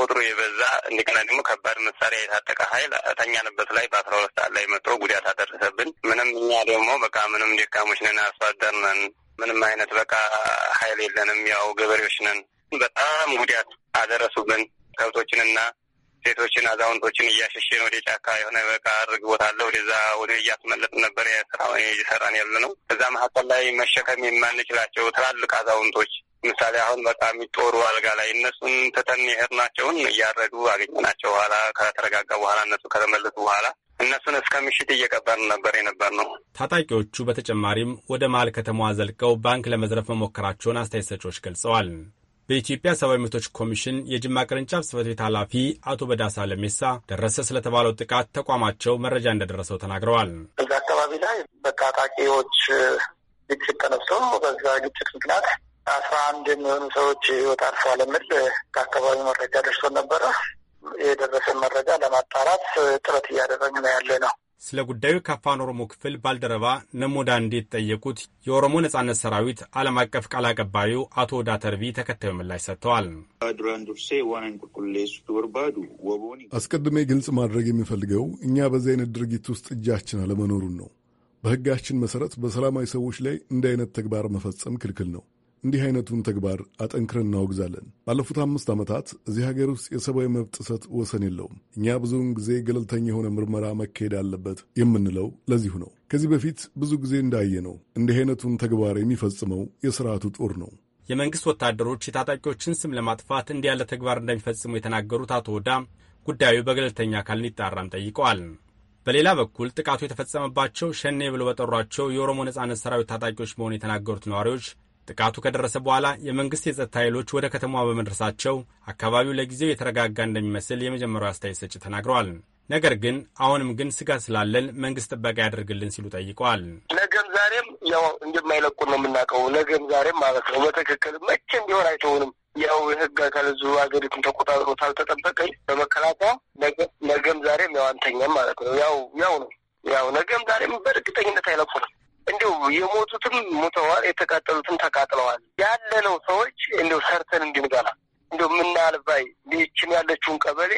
ቁጥሩ የበዛ እንደገና ደግሞ ከባድ መሳሪያ የታጠቀ ኃይል እተኛንበት ላይ በአስራ ሁለት ሰዓት ላይ መጥቶ ጉዳት አደረሰብን። ምንም እኛ ደግሞ በቃ ምንም ደካሞች ነን፣ አርሶ አደር ነን፣ ምንም አይነት በቃ ኃይል የለንም። ያው ገበሬዎች ነን። በጣም ጉዳት አደረሱብን ከብቶችንና ሴቶችን፣ አዛውንቶችን እያሸሸን ወደ ጫካ የሆነ በቃ አድርግ ቦታ አለ ወደዛ ወደ እያስመለጥ ነበር እየሰራን ያለ ነው። እዛ መካከል ላይ መሸከም የማንችላቸው ትላልቅ አዛውንቶች ምሳሌ አሁን በቃ የሚጦሩ አልጋ ላይ እነሱን ትተን የሄድናቸውን እያረዱ አገኘናቸው። በኋላ ከተረጋጋ በኋላ እነሱ ከተመለሱ በኋላ እነሱን እስከ ምሽት እየቀበርን ነበር የነበር ነው። ታጣቂዎቹ በተጨማሪም ወደ መሀል ከተማዋ ዘልቀው ባንክ ለመዝረፍ መሞከራቸውን አስተያየት ሰጪዎች ገልጸዋል። በኢትዮጵያ ሰብአዊ መብቶች ኮሚሽን የጅማ ቅርንጫፍ ጽህፈት ቤት ኃላፊ አቶ በዳሳ ለሜሳ ደረሰ ስለተባለው ጥቃት ተቋማቸው መረጃ እንደደረሰው ተናግረዋል። እዛ አካባቢ ላይ በቃ ታጣቂዎች ግጭት ተነስቶ በዛ ግጭት ምክንያት አስራ አንድ የሚሆኑ ሰዎች ህይወት አልፈዋል የሚል ከአካባቢ መረጃ ደርሶን ነበረ። የደረሰን መረጃ ለማጣራት ጥረት እያደረግን ነው ያለ ነው። ስለ ጉዳዩ ከፋን ኦሮሞ ክፍል ባልደረባ ነሞዳ ጠየቁት የኦሮሞ ነጻነት ሰራዊት ዓለም አቀፍ ቃል አቀባዩ አቶ ዳተርቢ ተከታዩ ምላሽ ሰጥተዋል። አስቀድሜ ግልጽ ማድረግ የሚፈልገው እኛ በዚህ አይነት ድርጊት ውስጥ እጃችን አለመኖሩን ነው። በሕጋችን መሠረት በሰላማዊ ሰዎች ላይ እንዲህ አይነት ተግባር መፈጸም ክልክል ነው። እንዲህ አይነቱን ተግባር አጠንክረን እናወግዛለን። ባለፉት አምስት ዓመታት እዚህ ሀገር ውስጥ የሰብአዊ መብት ጥሰት ወሰን የለውም። እኛ ብዙውን ጊዜ ገለልተኛ የሆነ ምርመራ መካሄድ አለበት የምንለው ለዚሁ ነው። ከዚህ በፊት ብዙ ጊዜ እንዳየ ነው እንዲህ አይነቱን ተግባር የሚፈጽመው የስርዓቱ ጦር ነው። የመንግስት ወታደሮች የታጣቂዎችን ስም ለማጥፋት እንዲህ ያለ ተግባር እንደሚፈጽሙ የተናገሩት አቶ ወዳ ጉዳዩ በገለልተኛ አካል እንዲጣራም ጠይቀዋል። በሌላ በኩል ጥቃቱ የተፈጸመባቸው ሸኔ ብሎ በጠሯቸው የኦሮሞ ነጻነት ሰራዊት ታጣቂዎች መሆኑ የተናገሩት ነዋሪዎች ጥቃቱ ከደረሰ በኋላ የመንግስት የጸጥታ ኃይሎች ወደ ከተማዋ በመድረሳቸው አካባቢው ለጊዜው የተረጋጋ እንደሚመስል የመጀመሪያው አስተያየት ሰጪ ተናግረዋል። ነገር ግን አሁንም ግን ስጋት ስላለን መንግስት ጥበቃ ያደርግልን ሲሉ ጠይቀዋል። ነገም ዛሬም ያው እንደማይለቁን ነው የምናውቀው። ነገም ዛሬም ማለት ነው በትክክል መቼ እንዲሆን አይተውንም። ያው የህግ አካል እዙ ሀገሪቱን ተቆጣጥሮ ታልተጠበቀ በመከላከያ ነገም ዛሬም ያው አንተኛም ማለት ነው ያው ያው ነው ያው ነገም ዛሬም በእርግጠኝነት አይለቁንም። እንዲሁ የሞቱትም ሙተዋል የተቃጠሉትም ተቃጥለዋል። ያለነው ሰዎች እንዲሁ ሰርተን እንድንበላ እንዲሁ ምናልባይ ሊችን ያለችውን ቀበሌ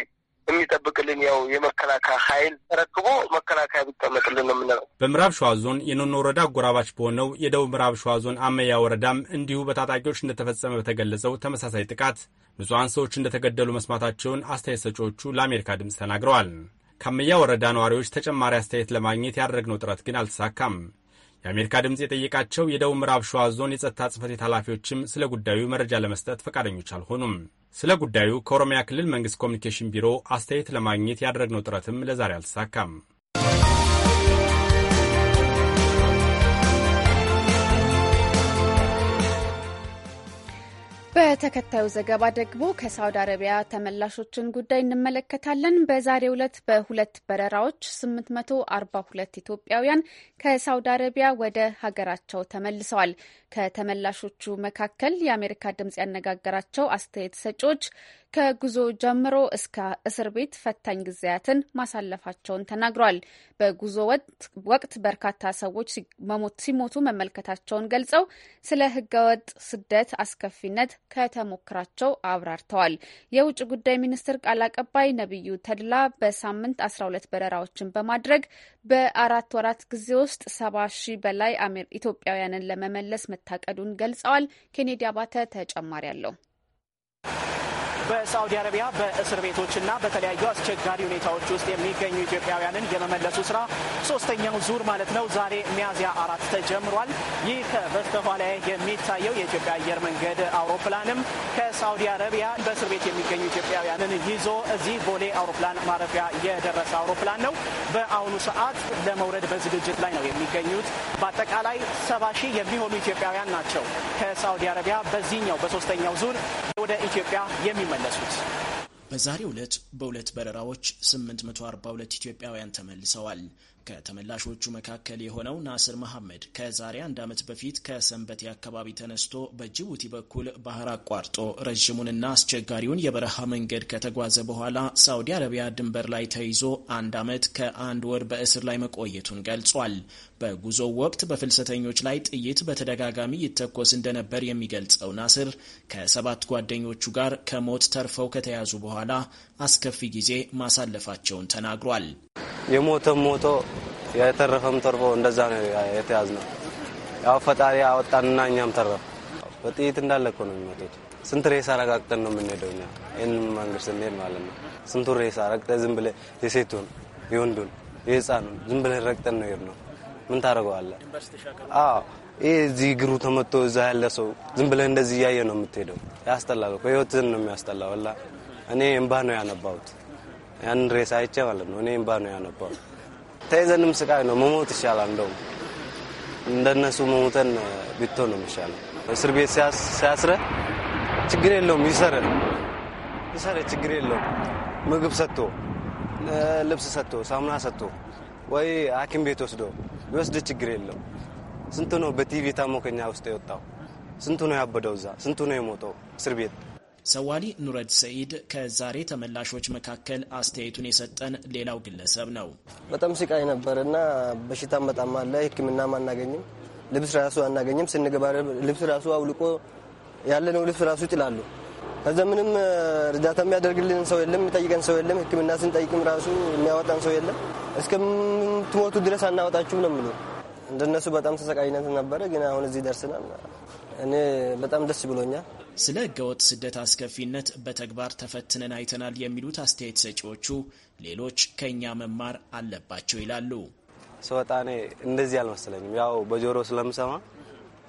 የሚጠብቅልን ያው የመከላከያ ኃይል ተረክቦ መከላከያ ቢቀመጥልን ነው የምንለው። በምዕራብ ሸዋ ዞን የኖኖ ወረዳ አጎራባች በሆነው የደቡብ ምዕራብ ሸዋ ዞን አመያ ወረዳም እንዲሁ በታጣቂዎች እንደተፈጸመ በተገለጸው ተመሳሳይ ጥቃት ንጹሐን ሰዎች እንደተገደሉ መስማታቸውን አስተያየት ሰጪዎቹ ለአሜሪካ ድምፅ ተናግረዋል። ከአመያ ወረዳ ነዋሪዎች ተጨማሪ አስተያየት ለማግኘት ያደረግነው ጥረት ግን አልተሳካም። የአሜሪካ ድምፅ የጠየቃቸው የደቡብ ምዕራብ ሸዋ ዞን የጸጥታ ጽሕፈት ቤት ኃላፊዎችም ስለ ጉዳዩ መረጃ ለመስጠት ፈቃደኞች አልሆኑም። ስለ ጉዳዩ ከኦሮሚያ ክልል መንግስት ኮሚኒኬሽን ቢሮ አስተያየት ለማግኘት ያደረግነው ጥረትም ለዛሬ አልተሳካም። በተከታዩ ዘገባ ደግሞ ከሳውዲ አረቢያ ተመላሾችን ጉዳይ እንመለከታለን። በዛሬው ዕለት በሁለት በረራዎች 842 ኢትዮጵያውያን ከሳውዲ አረቢያ ወደ ሀገራቸው ተመልሰዋል። ከተመላሾቹ መካከል የአሜሪካ ድምጽ ያነጋገራቸው አስተያየት ሰጪዎች ከጉዞ ጀምሮ እስከ እስር ቤት ፈታኝ ጊዜያትን ማሳለፋቸውን ተናግሯል። በጉዞ ወቅት በርካታ ሰዎች ሲሞቱ መመልከታቸውን ገልጸው ስለ ህገወጥ ስደት አስከፊነት ከተሞክራቸው አብራርተዋል። የውጭ ጉዳይ ሚኒስትር ቃል አቀባይ ነቢዩ ተድላ በሳምንት 12 በረራዎችን በማድረግ በአራት ወራት ጊዜ ውስጥ ሰባ ሺህ በላይ ኢትዮጵያውያንን ለመመለስ መታቀዱን ገልጸዋል። ኬኔዲ አባተ ተጨማሪ አለው። በሳውዲ አረቢያ በእስር ቤቶችና በተለያዩ አስቸጋሪ ሁኔታዎች ውስጥ የሚገኙ ኢትዮጵያውያንን የመመለሱ ስራ ሶስተኛው ዙር ማለት ነው ዛሬ ሚያዝያ አራት ተጀምሯል። ይህ ከበስተኋላ የሚታየው የኢትዮጵያ አየር መንገድ አውሮፕላንም ከሳውዲ አረቢያ በእስር ቤት የሚገኙ ኢትዮጵያውያንን ይዞ እዚህ ቦሌ አውሮፕላን ማረፊያ የደረሰ አውሮፕላን ነው። በአሁኑ ሰዓት ለመውረድ በዝግጅት ላይ ነው የሚገኙት። በአጠቃላይ ሰባ ሺህ የሚሆኑ ኢትዮጵያውያን ናቸው ከሳውዲ አረቢያ በዚህኛው በሶስተኛው ዙር ወደ ኢትዮጵያ የሚመ የተመለሱት። በዛሬው ዕለት በሁለት በረራዎች 842 ኢትዮጵያውያን ተመልሰዋል። ከተመላሾቹ መካከል የሆነው ናስር መሐመድ ከዛሬ አንድ ዓመት በፊት ከሰንበቴ አካባቢ ተነስቶ በጅቡቲ በኩል ባህር አቋርጦ ረዥሙንና አስቸጋሪውን የበረሃ መንገድ ከተጓዘ በኋላ ሳውዲ አረቢያ ድንበር ላይ ተይዞ አንድ ዓመት ከአንድ ወር በእስር ላይ መቆየቱን ገልጿል። በጉዞ ወቅት በፍልሰተኞች ላይ ጥይት በተደጋጋሚ ይተኮስ እንደነበር የሚገልጸው ናስር ከሰባት ጓደኞቹ ጋር ከሞት ተርፈው ከተያዙ በኋላ አስከፊ ጊዜ ማሳለፋቸውን ተናግሯል። የሞተም ሞቶ የተረፈም ተርፎ እንደዛ ነው የተያዝ ነው። ያው ፈጣሪ አወጣንና እኛም ተረፍ። በጥይት እንዳለ እኮ ነው የሚመጡት። ስንት ሬሳ ረጋግጠን ነው የምንሄደው እኛ ይህን መንገድ ስንሄድ ማለት ነው። ስንቱን ሬሳ ረግጠ ዝም ብለ የሴቱን የወንዱን የህፃኑን ዝም ብለ ረግጠን ነው ሄድ ነው ምን ታደርገዋለህ? አዎ ይሄ እዚህ እግሩ ተመቶ እዛ ያለ ሰው ዝም ብለህ እንደዚህ እያየ ነው የምትሄደው። ያስጠላል እኮ ህይወትን ነው የሚያስጠላ። ላ እኔ እምባ ነው ያነባሁት ያንን ሬሳ አይቼ ማለት ነው። እኔ እምባ ነው ያነባሁት። ተይዘንም ስቃይ ነው። መሞት ይሻላል። እንደውም እንደነሱ መሞተን ቢቶ ነው የሚሻለው። እስር ቤት ሲያስረ ችግር የለውም ይሰረ ይሰረ ችግር የለውም ምግብ ሰጥቶ ልብስ ሰጥቶ ሳሙና ሰጥቶ ወይ ሐኪም ቤት ወስዶ ይወስድ ችግር የለው። ስንቱ ነው በቲቪ ታሞከኛ ውስጥ የወጣው? ስንቱ ነው ያበደው? እዛ ስንቱ ነው የሞተው እስር ቤት? ሰዋሊ ኑረድ ሰኢድ ከዛሬ ተመላሾች መካከል አስተያየቱን የሰጠን ሌላው ግለሰብ ነው። በጣም ስቃይ ነበር እና በሽታም በጣም አለ። ሕክምናም አናገኝም፣ ልብስ ራሱ አናገኝም። ስንገባ ልብስ ራሱ አውልቆ ያለነው ልብስ ራሱ ይጥላሉ። ከዛ ምንም እርዳታ የሚያደርግልን ሰው የለም፣ የሚጠይቀን ሰው የለም። ሕክምና ስንጠይቅም ራሱ የሚያወጣን ሰው የለም። እስከምትሞቱ ድረስ አናወጣችሁም ነው የሚሉ እንደነሱ በጣም ተሰቃይነት ነበረ። ግን አሁን እዚህ ደርስናል። እኔ በጣም ደስ ብሎኛል። ስለ ህገወጥ ስደት አስከፊነት በተግባር ተፈትነን አይተናል የሚሉት አስተያየት ሰጪዎቹ ሌሎች ከእኛ መማር አለባቸው ይላሉ። ስወጣ እኔ እንደዚህ አልመሰለኝም። ያው በጆሮ ስለምሰማ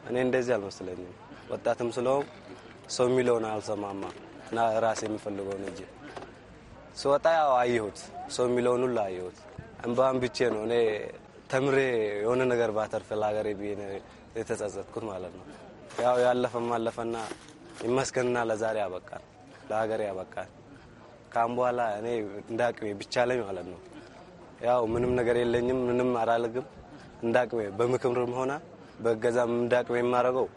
እኔ እንደዚህ አልመስለኝም ወጣትም ስለሆም ሰው የሚለውን አልሰማማ እና ራሴ የምፈልገውን እጅ ስወጣ ያው አየሁት፣ ሰው የሚለውን ሁሉ አየሁት። እንባን ብቼ ነው እኔ ተምሬ የሆነ ነገር ባተርፍ ለሀገሬ ብዬ የተጸጸትኩት ማለት ነው። ያው ያለፈም አለፈና ይመስገንና ለዛሬ ያበቃል፣ ለሀገሬ ያበቃል። ካም በኋላ እኔ እንዳቅሜ አቅሜ ብቻ ለኝ ማለት ነው። ያው ምንም ነገር የለኝም፣ ምንም አላልግም። እንዳቅሜ በምክምርም ሆነ በገዛም እንዳቅሜ የማደርገው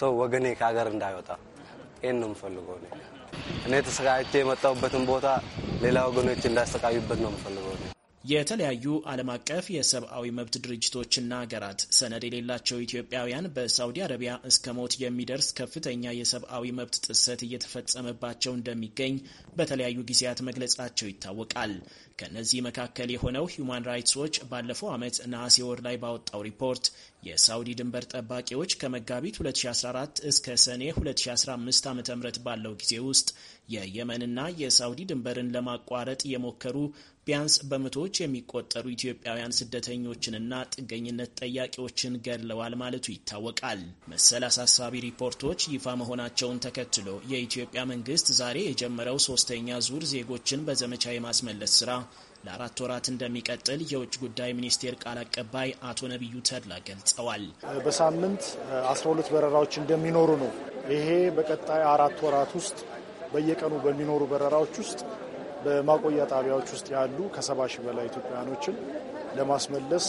ሰው ወገኔ ከሀገር እንዳይወጣ ይህን ነው የምፈልገው። እኔ ተሰቃይቼ የመጣሁበትን ቦታ ሌላ ወገኖች እንዳሰቃዩበት ነው የምፈልገው። የተለያዩ ዓለም አቀፍ የሰብአዊ መብት ድርጅቶችና ሀገራት ሰነድ የሌላቸው ኢትዮጵያውያን በሳውዲ አረቢያ እስከ ሞት የሚደርስ ከፍተኛ የሰብአዊ መብት ጥሰት እየተፈጸመባቸው እንደሚገኝ በተለያዩ ጊዜያት መግለጻቸው ይታወቃል። ከእነዚህ መካከል የሆነው ሂዩማን ራይትስ ዎች ባለፈው ዓመት ነሐሴ ወር ላይ ባወጣው ሪፖርት የሳውዲ ድንበር ጠባቂዎች ከመጋቢት 2014 እስከ ሰኔ 2015 ዓ ም ባለው ጊዜ ውስጥ የየመንና የሳውዲ ድንበርን ለማቋረጥ የሞከሩ ቢያንስ በመቶዎች የሚቆጠሩ ኢትዮጵያውያን ስደተኞችንና ጥገኝነት ጠያቂዎችን ገድለዋል ማለቱ ይታወቃል። መሰል አሳሳቢ ሪፖርቶች ይፋ መሆናቸውን ተከትሎ የኢትዮጵያ መንግስት ዛሬ የጀመረው ሶስተኛ ዙር ዜጎችን በዘመቻ የማስመለስ ስራ ለአራት ወራት እንደሚቀጥል የውጭ ጉዳይ ሚኒስቴር ቃል አቀባይ አቶ ነቢዩ ተድላ ገልጸዋል። በሳምንት 12 በረራዎች እንደሚኖሩ ነው። ይሄ በቀጣይ አራት ወራት ውስጥ በየቀኑ በሚኖሩ በረራዎች ውስጥ በማቆያ ጣቢያዎች ውስጥ ያሉ ከሰባ ሺህ በላይ ኢትዮጵያውያኖችን ለማስመለስ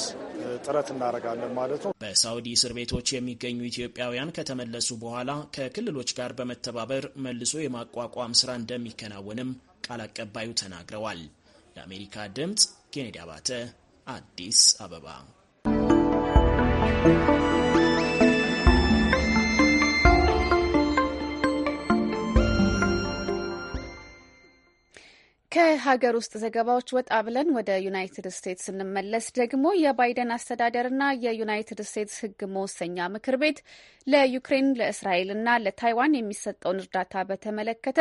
ጥረት እናደርጋለን ማለት ነው። በሳውዲ እስር ቤቶች የሚገኙ ኢትዮጵያውያን ከተመለሱ በኋላ ከክልሎች ጋር በመተባበር መልሶ የማቋቋም ስራ እንደሚከናወንም ቃል አቀባዩ ተናግረዋል። ለአሜሪካ ድምፅ ኬኔዲ አባተ አዲስ አበባ ከሀገር ውስጥ ዘገባዎች ወጣ ብለን ወደ ዩናይትድ ስቴትስ ስንመለስ ደግሞ የባይደን አስተዳደርና የዩናይትድ ስቴትስ ሕግ መወሰኛ ምክር ቤት ለዩክሬን ለእስራኤልና ለታይዋን የሚሰጠውን እርዳታ በተመለከተ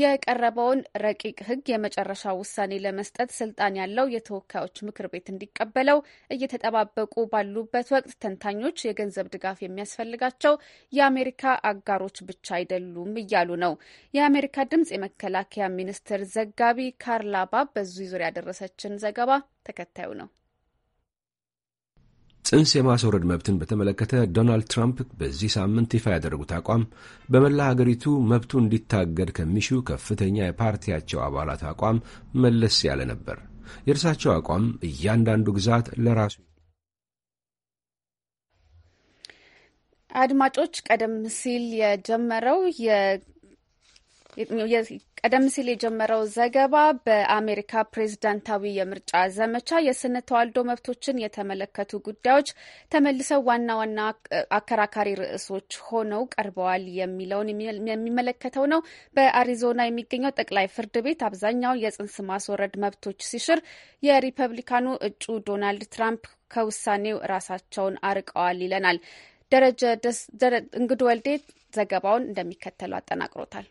የቀረበውን ረቂቅ ሕግ የመጨረሻ ውሳኔ ለመስጠት ስልጣን ያለው የተወካዮች ምክር ቤት እንዲቀበለው እየተጠባበቁ ባሉበት ወቅት ተንታኞች የገንዘብ ድጋፍ የሚያስፈልጋቸው የአሜሪካ አጋሮች ብቻ አይደሉም እያሉ ነው። የአሜሪካ ድምጽ የመከላከያ ሚኒስትር ዘጋቢ ካርላ ባብ በዚህ ዙሪያ ያደረሰችን ዘገባ ተከታዩ ነው። ጽንስ የማስወረድ መብትን በተመለከተ ዶናልድ ትራምፕ በዚህ ሳምንት ይፋ ያደረጉት አቋም በመላ ሀገሪቱ መብቱ እንዲታገድ ከሚሹ ከፍተኛ የፓርቲያቸው አባላት አቋም መለስ ያለ ነበር። የእርሳቸው አቋም እያንዳንዱ ግዛት ለራሱ አድማጮች ቀደም ሲል የጀመረው ቀደም ሲል የጀመረው ዘገባ በአሜሪካ ፕሬዝዳንታዊ የምርጫ ዘመቻ የስነ ተዋልዶ መብቶችን የተመለከቱ ጉዳዮች ተመልሰው ዋና ዋና አከራካሪ ርዕሶች ሆነው ቀርበዋል የሚለውን የሚመለከተው ነው። በአሪዞና የሚገኘው ጠቅላይ ፍርድ ቤት አብዛኛው የጽንስ ማስወረድ መብቶች ሲሽር የሪፐብሊካኑ እጩ ዶናልድ ትራምፕ ከውሳኔው ራሳቸውን አርቀዋል ይለናል። ደረጀ እንግድ ወልዴ ዘገባውን እንደሚከተለው አጠናቅሮታል።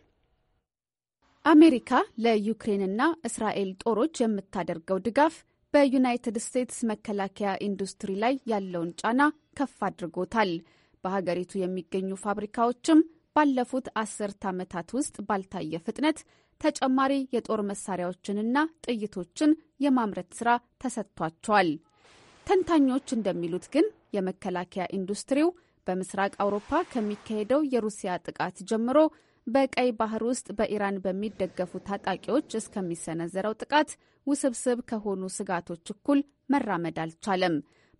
አሜሪካ ለዩክሬንና እስራኤል ጦሮች የምታደርገው ድጋፍ በዩናይትድ ስቴትስ መከላከያ ኢንዱስትሪ ላይ ያለውን ጫና ከፍ አድርጎታል። በሀገሪቱ የሚገኙ ፋብሪካዎችም ባለፉት አስርት ዓመታት ውስጥ ባልታየ ፍጥነት ተጨማሪ የጦር መሳሪያዎችንና ጥይቶችን የማምረት ስራ ተሰጥቷቸዋል። ተንታኞች እንደሚሉት ግን የመከላከያ ኢንዱስትሪው በምስራቅ አውሮፓ ከሚካሄደው የሩሲያ ጥቃት ጀምሮ በቀይ ባህር ውስጥ በኢራን በሚደገፉ ታጣቂዎች እስከሚሰነዘረው ጥቃት ውስብስብ ከሆኑ ስጋቶች እኩል መራመድ አልቻለም።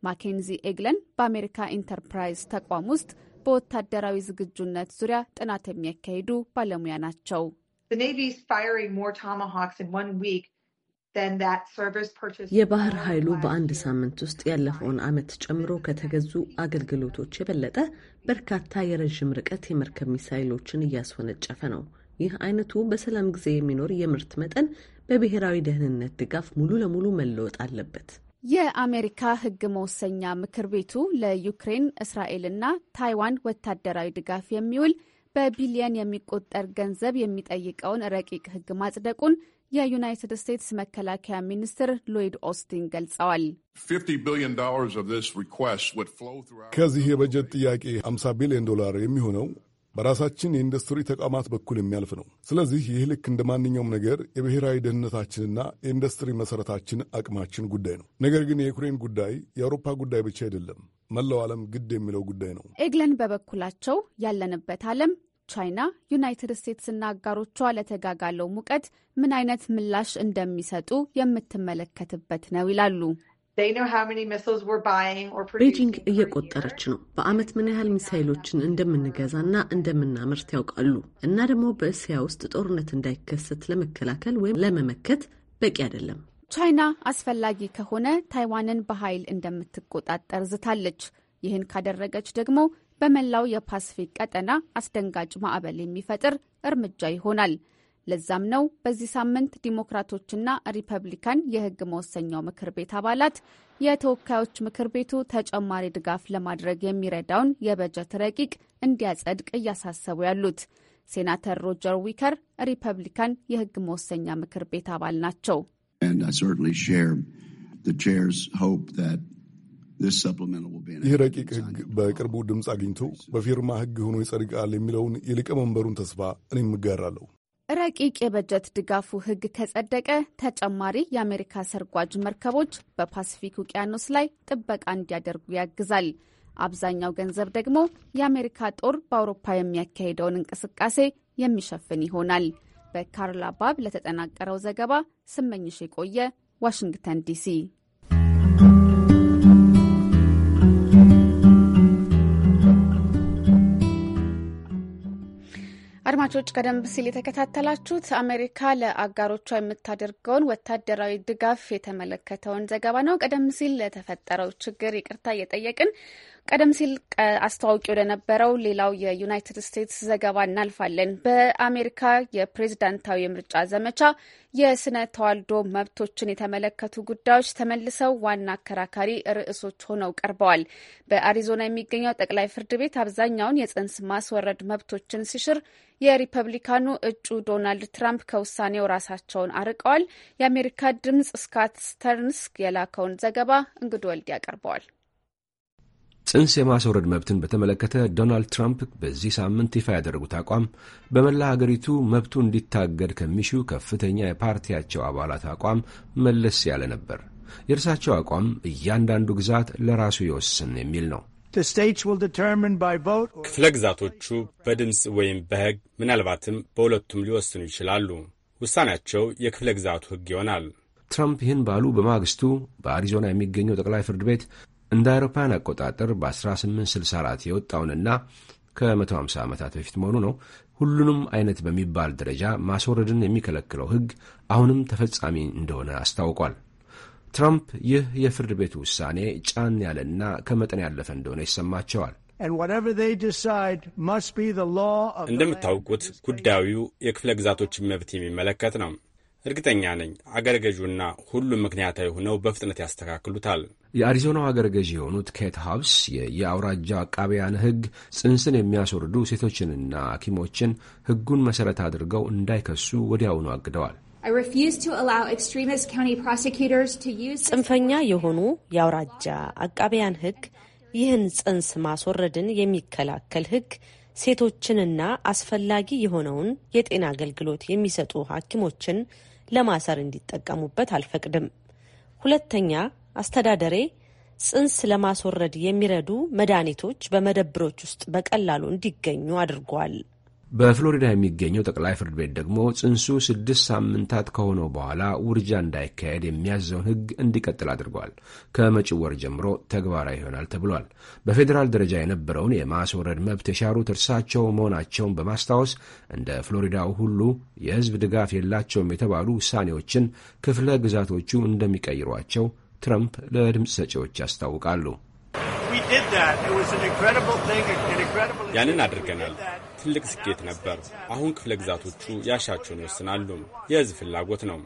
ማኬንዚ ኤግለን በአሜሪካ ኢንተርፕራይዝ ተቋም ውስጥ በወታደራዊ ዝግጁነት ዙሪያ ጥናት የሚያካሂዱ ባለሙያ ናቸው። The firing more Tomahawks in one week የባህር ኃይሉ በአንድ ሳምንት ውስጥ ያለፈውን ዓመት ጨምሮ ከተገዙ አገልግሎቶች የበለጠ በርካታ የረዥም ርቀት የመርከብ ሚሳይሎችን እያስወነጨፈ ነው። ይህ አይነቱ በሰላም ጊዜ የሚኖር የምርት መጠን በብሔራዊ ደህንነት ድጋፍ ሙሉ ለሙሉ መለወጥ አለበት። የአሜሪካ ሕግ መወሰኛ ምክር ቤቱ ለዩክሬን እስራኤልና ታይዋን ወታደራዊ ድጋፍ የሚውል በቢሊየን የሚቆጠር ገንዘብ የሚጠይቀውን ረቂቅ ሕግ ማጽደቁን የዩናይትድ ስቴትስ መከላከያ ሚኒስትር ሎይድ ኦስቲን ገልጸዋል። ከዚህ የበጀት ጥያቄ 50 ቢሊዮን ዶላር የሚሆነው በራሳችን የኢንዱስትሪ ተቋማት በኩል የሚያልፍ ነው። ስለዚህ ይህ ልክ እንደ ማንኛውም ነገር የብሔራዊ ደህንነታችንና የኢንዱስትሪ መሠረታችን አቅማችን ጉዳይ ነው። ነገር ግን የዩክሬን ጉዳይ የአውሮፓ ጉዳይ ብቻ አይደለም፣ መላው ዓለም ግድ የሚለው ጉዳይ ነው። ኤግለን በበኩላቸው ያለንበት ዓለም ቻይና፣ ዩናይትድ ስቴትስና አጋሮቿ ለተጋጋለው ሙቀት ምን አይነት ምላሽ እንደሚሰጡ የምትመለከትበት ነው ይላሉ። ቤጂንግ እየቆጠረች ነው። በዓመት ምን ያህል ሚሳይሎችን እንደምንገዛና እንደምናመርት ያውቃሉ። እና ደግሞ በእስያ ውስጥ ጦርነት እንዳይከሰት ለመከላከል ወይም ለመመከት በቂ አይደለም። ቻይና አስፈላጊ ከሆነ ታይዋንን በኃይል እንደምትቆጣጠር ዝታለች። ይህን ካደረገች ደግሞ በመላው የፓስፊክ ቀጠና አስደንጋጭ ማዕበል የሚፈጥር እርምጃ ይሆናል። ለዛም ነው በዚህ ሳምንት ዲሞክራቶችና ሪፐብሊካን የሕግ መወሰኛው ምክር ቤት አባላት የተወካዮች ምክር ቤቱ ተጨማሪ ድጋፍ ለማድረግ የሚረዳውን የበጀት ረቂቅ እንዲያጸድቅ እያሳሰቡ ያሉት። ሴናተር ሮጀር ዊከር ሪፐብሊካን የሕግ መወሰኛ ምክር ቤት አባል ናቸው። ይህ ረቂቅ ሕግ በቅርቡ ድምፅ አግኝቶ በፊርማ ሕግ ሆኖ ይጸድቃል የሚለውን የሊቀመንበሩን ተስፋ እኔም እጋራለሁ። ረቂቅ የበጀት ድጋፉ ሕግ ከጸደቀ ተጨማሪ የአሜሪካ ሰርጓጅ መርከቦች በፓሲፊክ ውቅያኖስ ላይ ጥበቃ እንዲያደርጉ ያግዛል። አብዛኛው ገንዘብ ደግሞ የአሜሪካ ጦር በአውሮፓ የሚያካሄደውን እንቅስቃሴ የሚሸፍን ይሆናል። በካርላ ባብ ለተጠናቀረው ዘገባ ስመኝሽ የቆየ ዋሽንግተን ዲሲ። አድማጮች ቀደም ሲል የተከታተላችሁት አሜሪካ ለአጋሮቿ የምታደርገውን ወታደራዊ ድጋፍ የተመለከተውን ዘገባ ነው። ቀደም ሲል ለተፈጠረው ችግር ይቅርታ እየጠየቅን ቀደም ሲል አስተዋውቂ ወደነበረው ሌላው የዩናይትድ ስቴትስ ዘገባ እናልፋለን። በአሜሪካ የፕሬዝዳንታዊ የምርጫ ዘመቻ የስነ ተዋልዶ መብቶችን የተመለከቱ ጉዳዮች ተመልሰው ዋና አከራካሪ ርዕሶች ሆነው ቀርበዋል። በአሪዞና የሚገኘው ጠቅላይ ፍርድ ቤት አብዛኛውን የጽንስ ማስወረድ መብቶችን ሲሽር የሪፐብሊካኑ እጩ ዶናልድ ትራምፕ ከውሳኔው ራሳቸውን አርቀዋል። የአሜሪካ ድምጽ ስካት ስተርንስ የላከውን ዘገባ እንግዶ ወልድ ያቀርበዋል። ጽንስ የማስወረድ መብትን በተመለከተ ዶናልድ ትራምፕ በዚህ ሳምንት ይፋ ያደረጉት አቋም በመላ ሀገሪቱ መብቱ እንዲታገድ ከሚሹ ከፍተኛ የፓርቲያቸው አባላት አቋም መለስ ያለ ነበር። የእርሳቸው አቋም እያንዳንዱ ግዛት ለራሱ ይወስን የሚል ነው። ክፍለ ግዛቶቹ በድምፅ ወይም በሕግ ምናልባትም በሁለቱም ሊወስኑ ይችላሉ። ውሳኔያቸው የክፍለ ግዛቱ ሕግ ይሆናል። ትራምፕ ይህን ባሉ በማግስቱ በአሪዞና የሚገኘው ጠቅላይ ፍርድ ቤት እንደ አውሮፓውያን አቆጣጠር በ1864 የወጣውንና ከ150 ዓመታት በፊት መሆኑ ነው ሁሉንም አይነት በሚባል ደረጃ ማስወረድን የሚከለክለው ሕግ አሁንም ተፈጻሚ እንደሆነ አስታውቋል። ትራምፕ ይህ የፍርድ ቤት ውሳኔ ጫን ያለና ከመጠን ያለፈ እንደሆነ ይሰማቸዋል። እንደምታውቁት ጉዳዩ የክፍለ ግዛቶችን መብት የሚመለከት ነው። እርግጠኛ ነኝ አገረ ገዢውና ሁሉም ምክንያታዊ ሆነው በፍጥነት ያስተካክሉታል። የአሪዞናው አገረ ገዢ የሆኑት ኬት ሀብስ የየአውራጃ አቃቢያን ሕግ ጽንስን የሚያስወርዱ ሴቶችንና ሐኪሞችን ሕጉን መሠረት አድርገው እንዳይከሱ ወዲያውኑ አግደዋል። ጽንፈኛ የሆኑ የአውራጃ አቃቢያን ህግ ይህን ጽንስ ማስወረድን የሚከላከል ህግ ሴቶችንና አስፈላጊ የሆነውን የጤና አገልግሎት የሚሰጡ ሐኪሞችን ለማሰር እንዲጠቀሙበት አልፈቅድም። ሁለተኛ፣ አስተዳደሬ ጽንስ ለማስወረድ የሚረዱ መድኃኒቶች በመደብሮች ውስጥ በቀላሉ እንዲገኙ አድርጓል። በፍሎሪዳ የሚገኘው ጠቅላይ ፍርድ ቤት ደግሞ ጽንሱ ስድስት ሳምንታት ከሆነው በኋላ ውርጃ እንዳይካሄድ የሚያዘውን ሕግ እንዲቀጥል አድርጓል። ከመጪው ወር ጀምሮ ተግባራዊ ይሆናል ተብሏል። በፌዴራል ደረጃ የነበረውን የማስወረድ መብት የሻሩት እርሳቸው መሆናቸውን በማስታወስ እንደ ፍሎሪዳው ሁሉ የሕዝብ ድጋፍ የላቸውም የተባሉ ውሳኔዎችን ክፍለ ግዛቶቹ እንደሚቀይሯቸው ትረምፕ ለድምፅ ሰጪዎች ያስታውቃሉ። ያንን አድርገናል ትልቅ ስኬት ነበር። አሁን ክፍለ ግዛቶቹ ያሻቸውን ይወስናሉ። የህዝብ ፍላጎት ነው።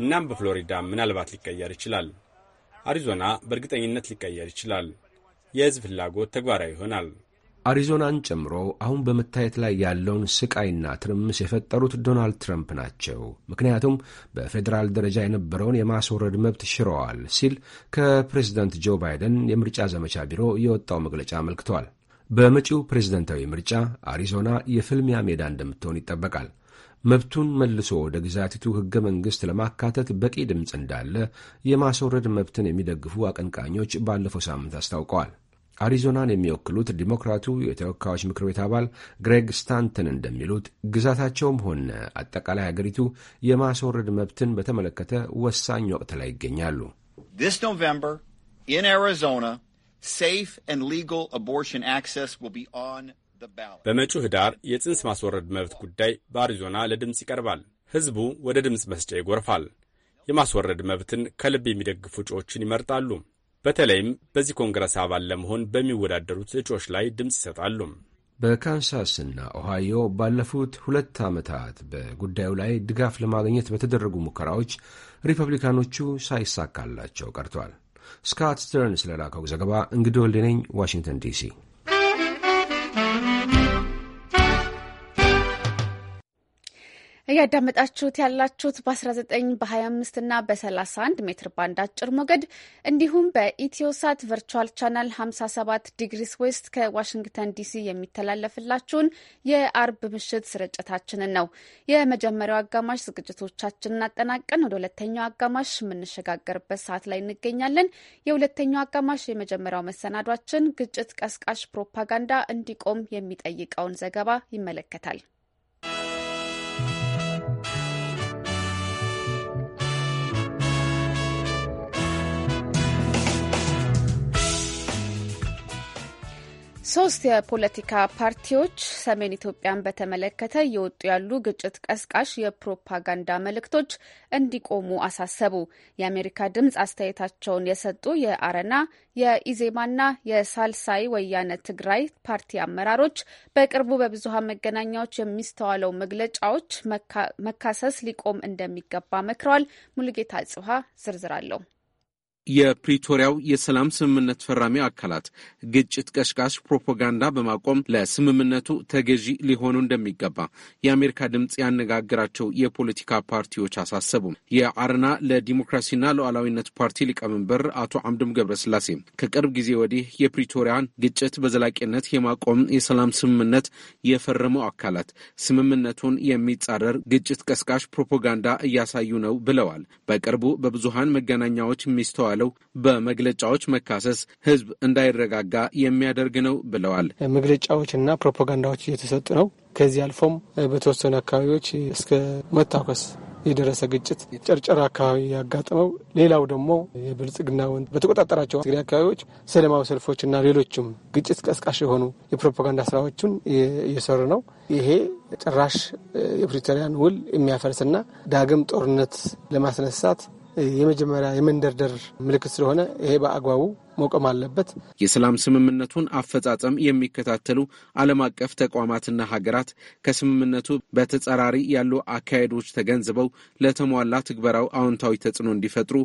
እናም በፍሎሪዳ ምናልባት ሊቀየር ይችላል። አሪዞና በእርግጠኝነት ሊቀየር ይችላል። የህዝብ ፍላጎት ተግባራዊ ይሆናል። አሪዞናን ጨምሮ አሁን በመታየት ላይ ያለውን ስቃይና ትርምስ የፈጠሩት ዶናልድ ትራምፕ ናቸው። ምክንያቱም በፌዴራል ደረጃ የነበረውን የማስወረድ መብት ሽረዋል ሲል ከፕሬዚዳንት ጆ ባይደን የምርጫ ዘመቻ ቢሮ የወጣው መግለጫ አመልክቷል። በመጪው ፕሬዝደንታዊ ምርጫ አሪዞና የፍልሚያ ሜዳ እንደምትሆን ይጠበቃል። መብቱን መልሶ ወደ ግዛቲቱ ሕገ መንግሥት ለማካተት በቂ ድምፅ እንዳለ የማስወረድ መብትን የሚደግፉ አቀንቃኞች ባለፈው ሳምንት አስታውቀዋል። አሪዞናን የሚወክሉት ዲሞክራቱ የተወካዮች ምክር ቤት አባል ግሬግ ስታንተን እንደሚሉት ግዛታቸውም ሆነ አጠቃላይ አገሪቱ የማስወረድ መብትን በተመለከተ ወሳኝ ወቅት ላይ ይገኛሉ። በመጪው ህዳር የጽንስ ማስወረድ መብት ጉዳይ በአሪዞና ለድምፅ ይቀርባል። ህዝቡ ወደ ድምፅ መስጫ ይጎርፋል። የማስወረድ መብትን ከልብ የሚደግፉ እጩዎችን ይመርጣሉ። በተለይም በዚህ ኮንግረስ አባል ለመሆን በሚወዳደሩት እጩዎች ላይ ድምፅ ይሰጣሉ። በካንሳስና ኦሃዮ ባለፉት ሁለት ዓመታት በጉዳዩ ላይ ድጋፍ ለማግኘት በተደረጉ ሙከራዎች ሪፐብሊካኖቹ ሳይሳካላቸው ቀርቷል። ስካት ስተርንስ ለላከው ዘገባ እንግዲህ ወልድነኝ ዋሽንግተን ዲሲ እያዳመጣችሁት ያላችሁት በ19 በ25 እና በ31 ሜትር ባንድ አጭር ሞገድ እንዲሁም በኢትዮሳት ቨርቹዋል ቻናል 57 ዲግሪስ ዌስት ከዋሽንግተን ዲሲ የሚተላለፍላችሁን የአርብ ምሽት ስርጭታችንን ነው። የመጀመሪያው አጋማሽ ዝግጅቶቻችንን አጠናቀን ወደ ሁለተኛው አጋማሽ የምንሸጋገርበት ሰዓት ላይ እንገኛለን። የሁለተኛው አጋማሽ የመጀመሪያው መሰናዷችን ግጭት ቀስቃሽ ፕሮፓጋንዳ እንዲቆም የሚጠይቀውን ዘገባ ይመለከታል። ሶስት የፖለቲካ ፓርቲዎች ሰሜን ኢትዮጵያን በተመለከተ እየወጡ ያሉ ግጭት ቀስቃሽ የፕሮፓጋንዳ መልእክቶች እንዲቆሙ አሳሰቡ። የአሜሪካ ድምፅ አስተያየታቸውን የሰጡ የአረና የኢዜማና የሳልሳይ ወያነ ትግራይ ፓርቲ አመራሮች በቅርቡ በብዙሀን መገናኛዎች የሚስተዋለው መግለጫዎች መካሰስ ሊቆም እንደሚገባ መክረዋል። ሙሉጌታ ጽሀ ዝርዝር አለው። የፕሪቶሪያው የሰላም ስምምነት ፈራሚ አካላት ግጭት ቀስቃሽ ፕሮፓጋንዳ በማቆም ለስምምነቱ ተገዢ ሊሆኑ እንደሚገባ የአሜሪካ ድምፅ ያነጋገራቸው የፖለቲካ ፓርቲዎች አሳሰቡ። የአርና ለዲሞክራሲና ሉዓላዊነት ፓርቲ ሊቀመንበር አቶ አምዱም ገብረስላሴ ከቅርብ ጊዜ ወዲህ የፕሪቶሪያን ግጭት በዘላቂነት የማቆም የሰላም ስምምነት የፈረሙ አካላት ስምምነቱን የሚጻረር ግጭት ቀስቃሽ ፕሮፓጋንዳ እያሳዩ ነው ብለዋል። በቅርቡ በብዙሀን መገናኛዎች ሚስተዋል የተባለው በመግለጫዎች መካሰስ ህዝብ እንዳይረጋጋ የሚያደርግ ነው ብለዋል። መግለጫዎች እና ፕሮፓጋንዳዎች እየተሰጡ ነው። ከዚህ አልፎም በተወሰኑ አካባቢዎች እስከ መታኮስ የደረሰ ግጭት ጨርጨራ አካባቢ ያጋጥመው። ሌላው ደግሞ የብልጽግና ወን በተቆጣጠራቸው ትግሬ አካባቢዎች ሰልፎች ሰልፎችና ሌሎችም ግጭት ቀስቃሽ የሆኑ የፕሮፓጋንዳ ስራዎችን እየሰሩ ነው። ይሄ ጭራሽ የፕሪቶሪያን ውል የሚያፈርስና ዳግም ጦርነት ለማስነሳት የመጀመሪያ የመንደርደር ምልክት ስለሆነ ይሄ በአግባቡ መቆም አለበት። የሰላም ስምምነቱን አፈጻጸም የሚከታተሉ ዓለም አቀፍ ተቋማትና ሀገራት ከስምምነቱ በተጻራሪ ያሉ አካሄዶች ተገንዝበው ለተሟላ ትግበራው አዎንታዊ ተጽዕኖ እንዲፈጥሩ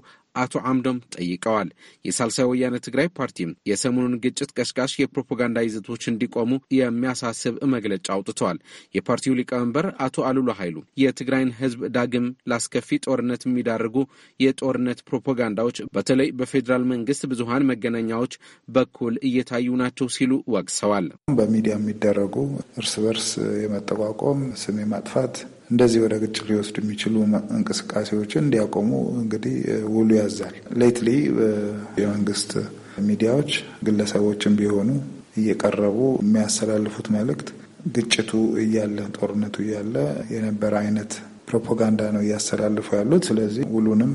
አቶ አምዶም ጠይቀዋል። የሳልሳይ ወያነ ትግራይ ፓርቲም የሰሞኑን ግጭት ቀስቃሽ የፕሮፓጋንዳ ይዘቶች እንዲቆሙ የሚያሳስብ መግለጫ አውጥተዋል። የፓርቲው ሊቀመንበር አቶ አሉሎ ኃይሉ የትግራይን ሕዝብ ዳግም ላስከፊ ጦርነት የሚዳርጉ የጦርነት ፕሮፓጋንዳዎች በተለይ በፌዴራል መንግስት ብዙሀን መገናኛዎች በኩል እየታዩ ናቸው ሲሉ ወቅሰዋል። በሚዲያ የሚደረጉ እርስ በርስ የመጠቋቆም ስም ማጥፋት እንደዚህ ወደ ግጭት ሊወስድ የሚችሉ እንቅስቃሴዎችን እንዲያቆሙ እንግዲህ ውሉ ያዛል። ሌትሊ የመንግስት ሚዲያዎች ግለሰቦችን ቢሆኑ እየቀረቡ የሚያስተላልፉት መልእክት ግጭቱ እያለ ጦርነቱ እያለ የነበረ አይነት ፕሮፓጋንዳ ነው እያስተላልፉ ያሉት። ስለዚህ ውሉንም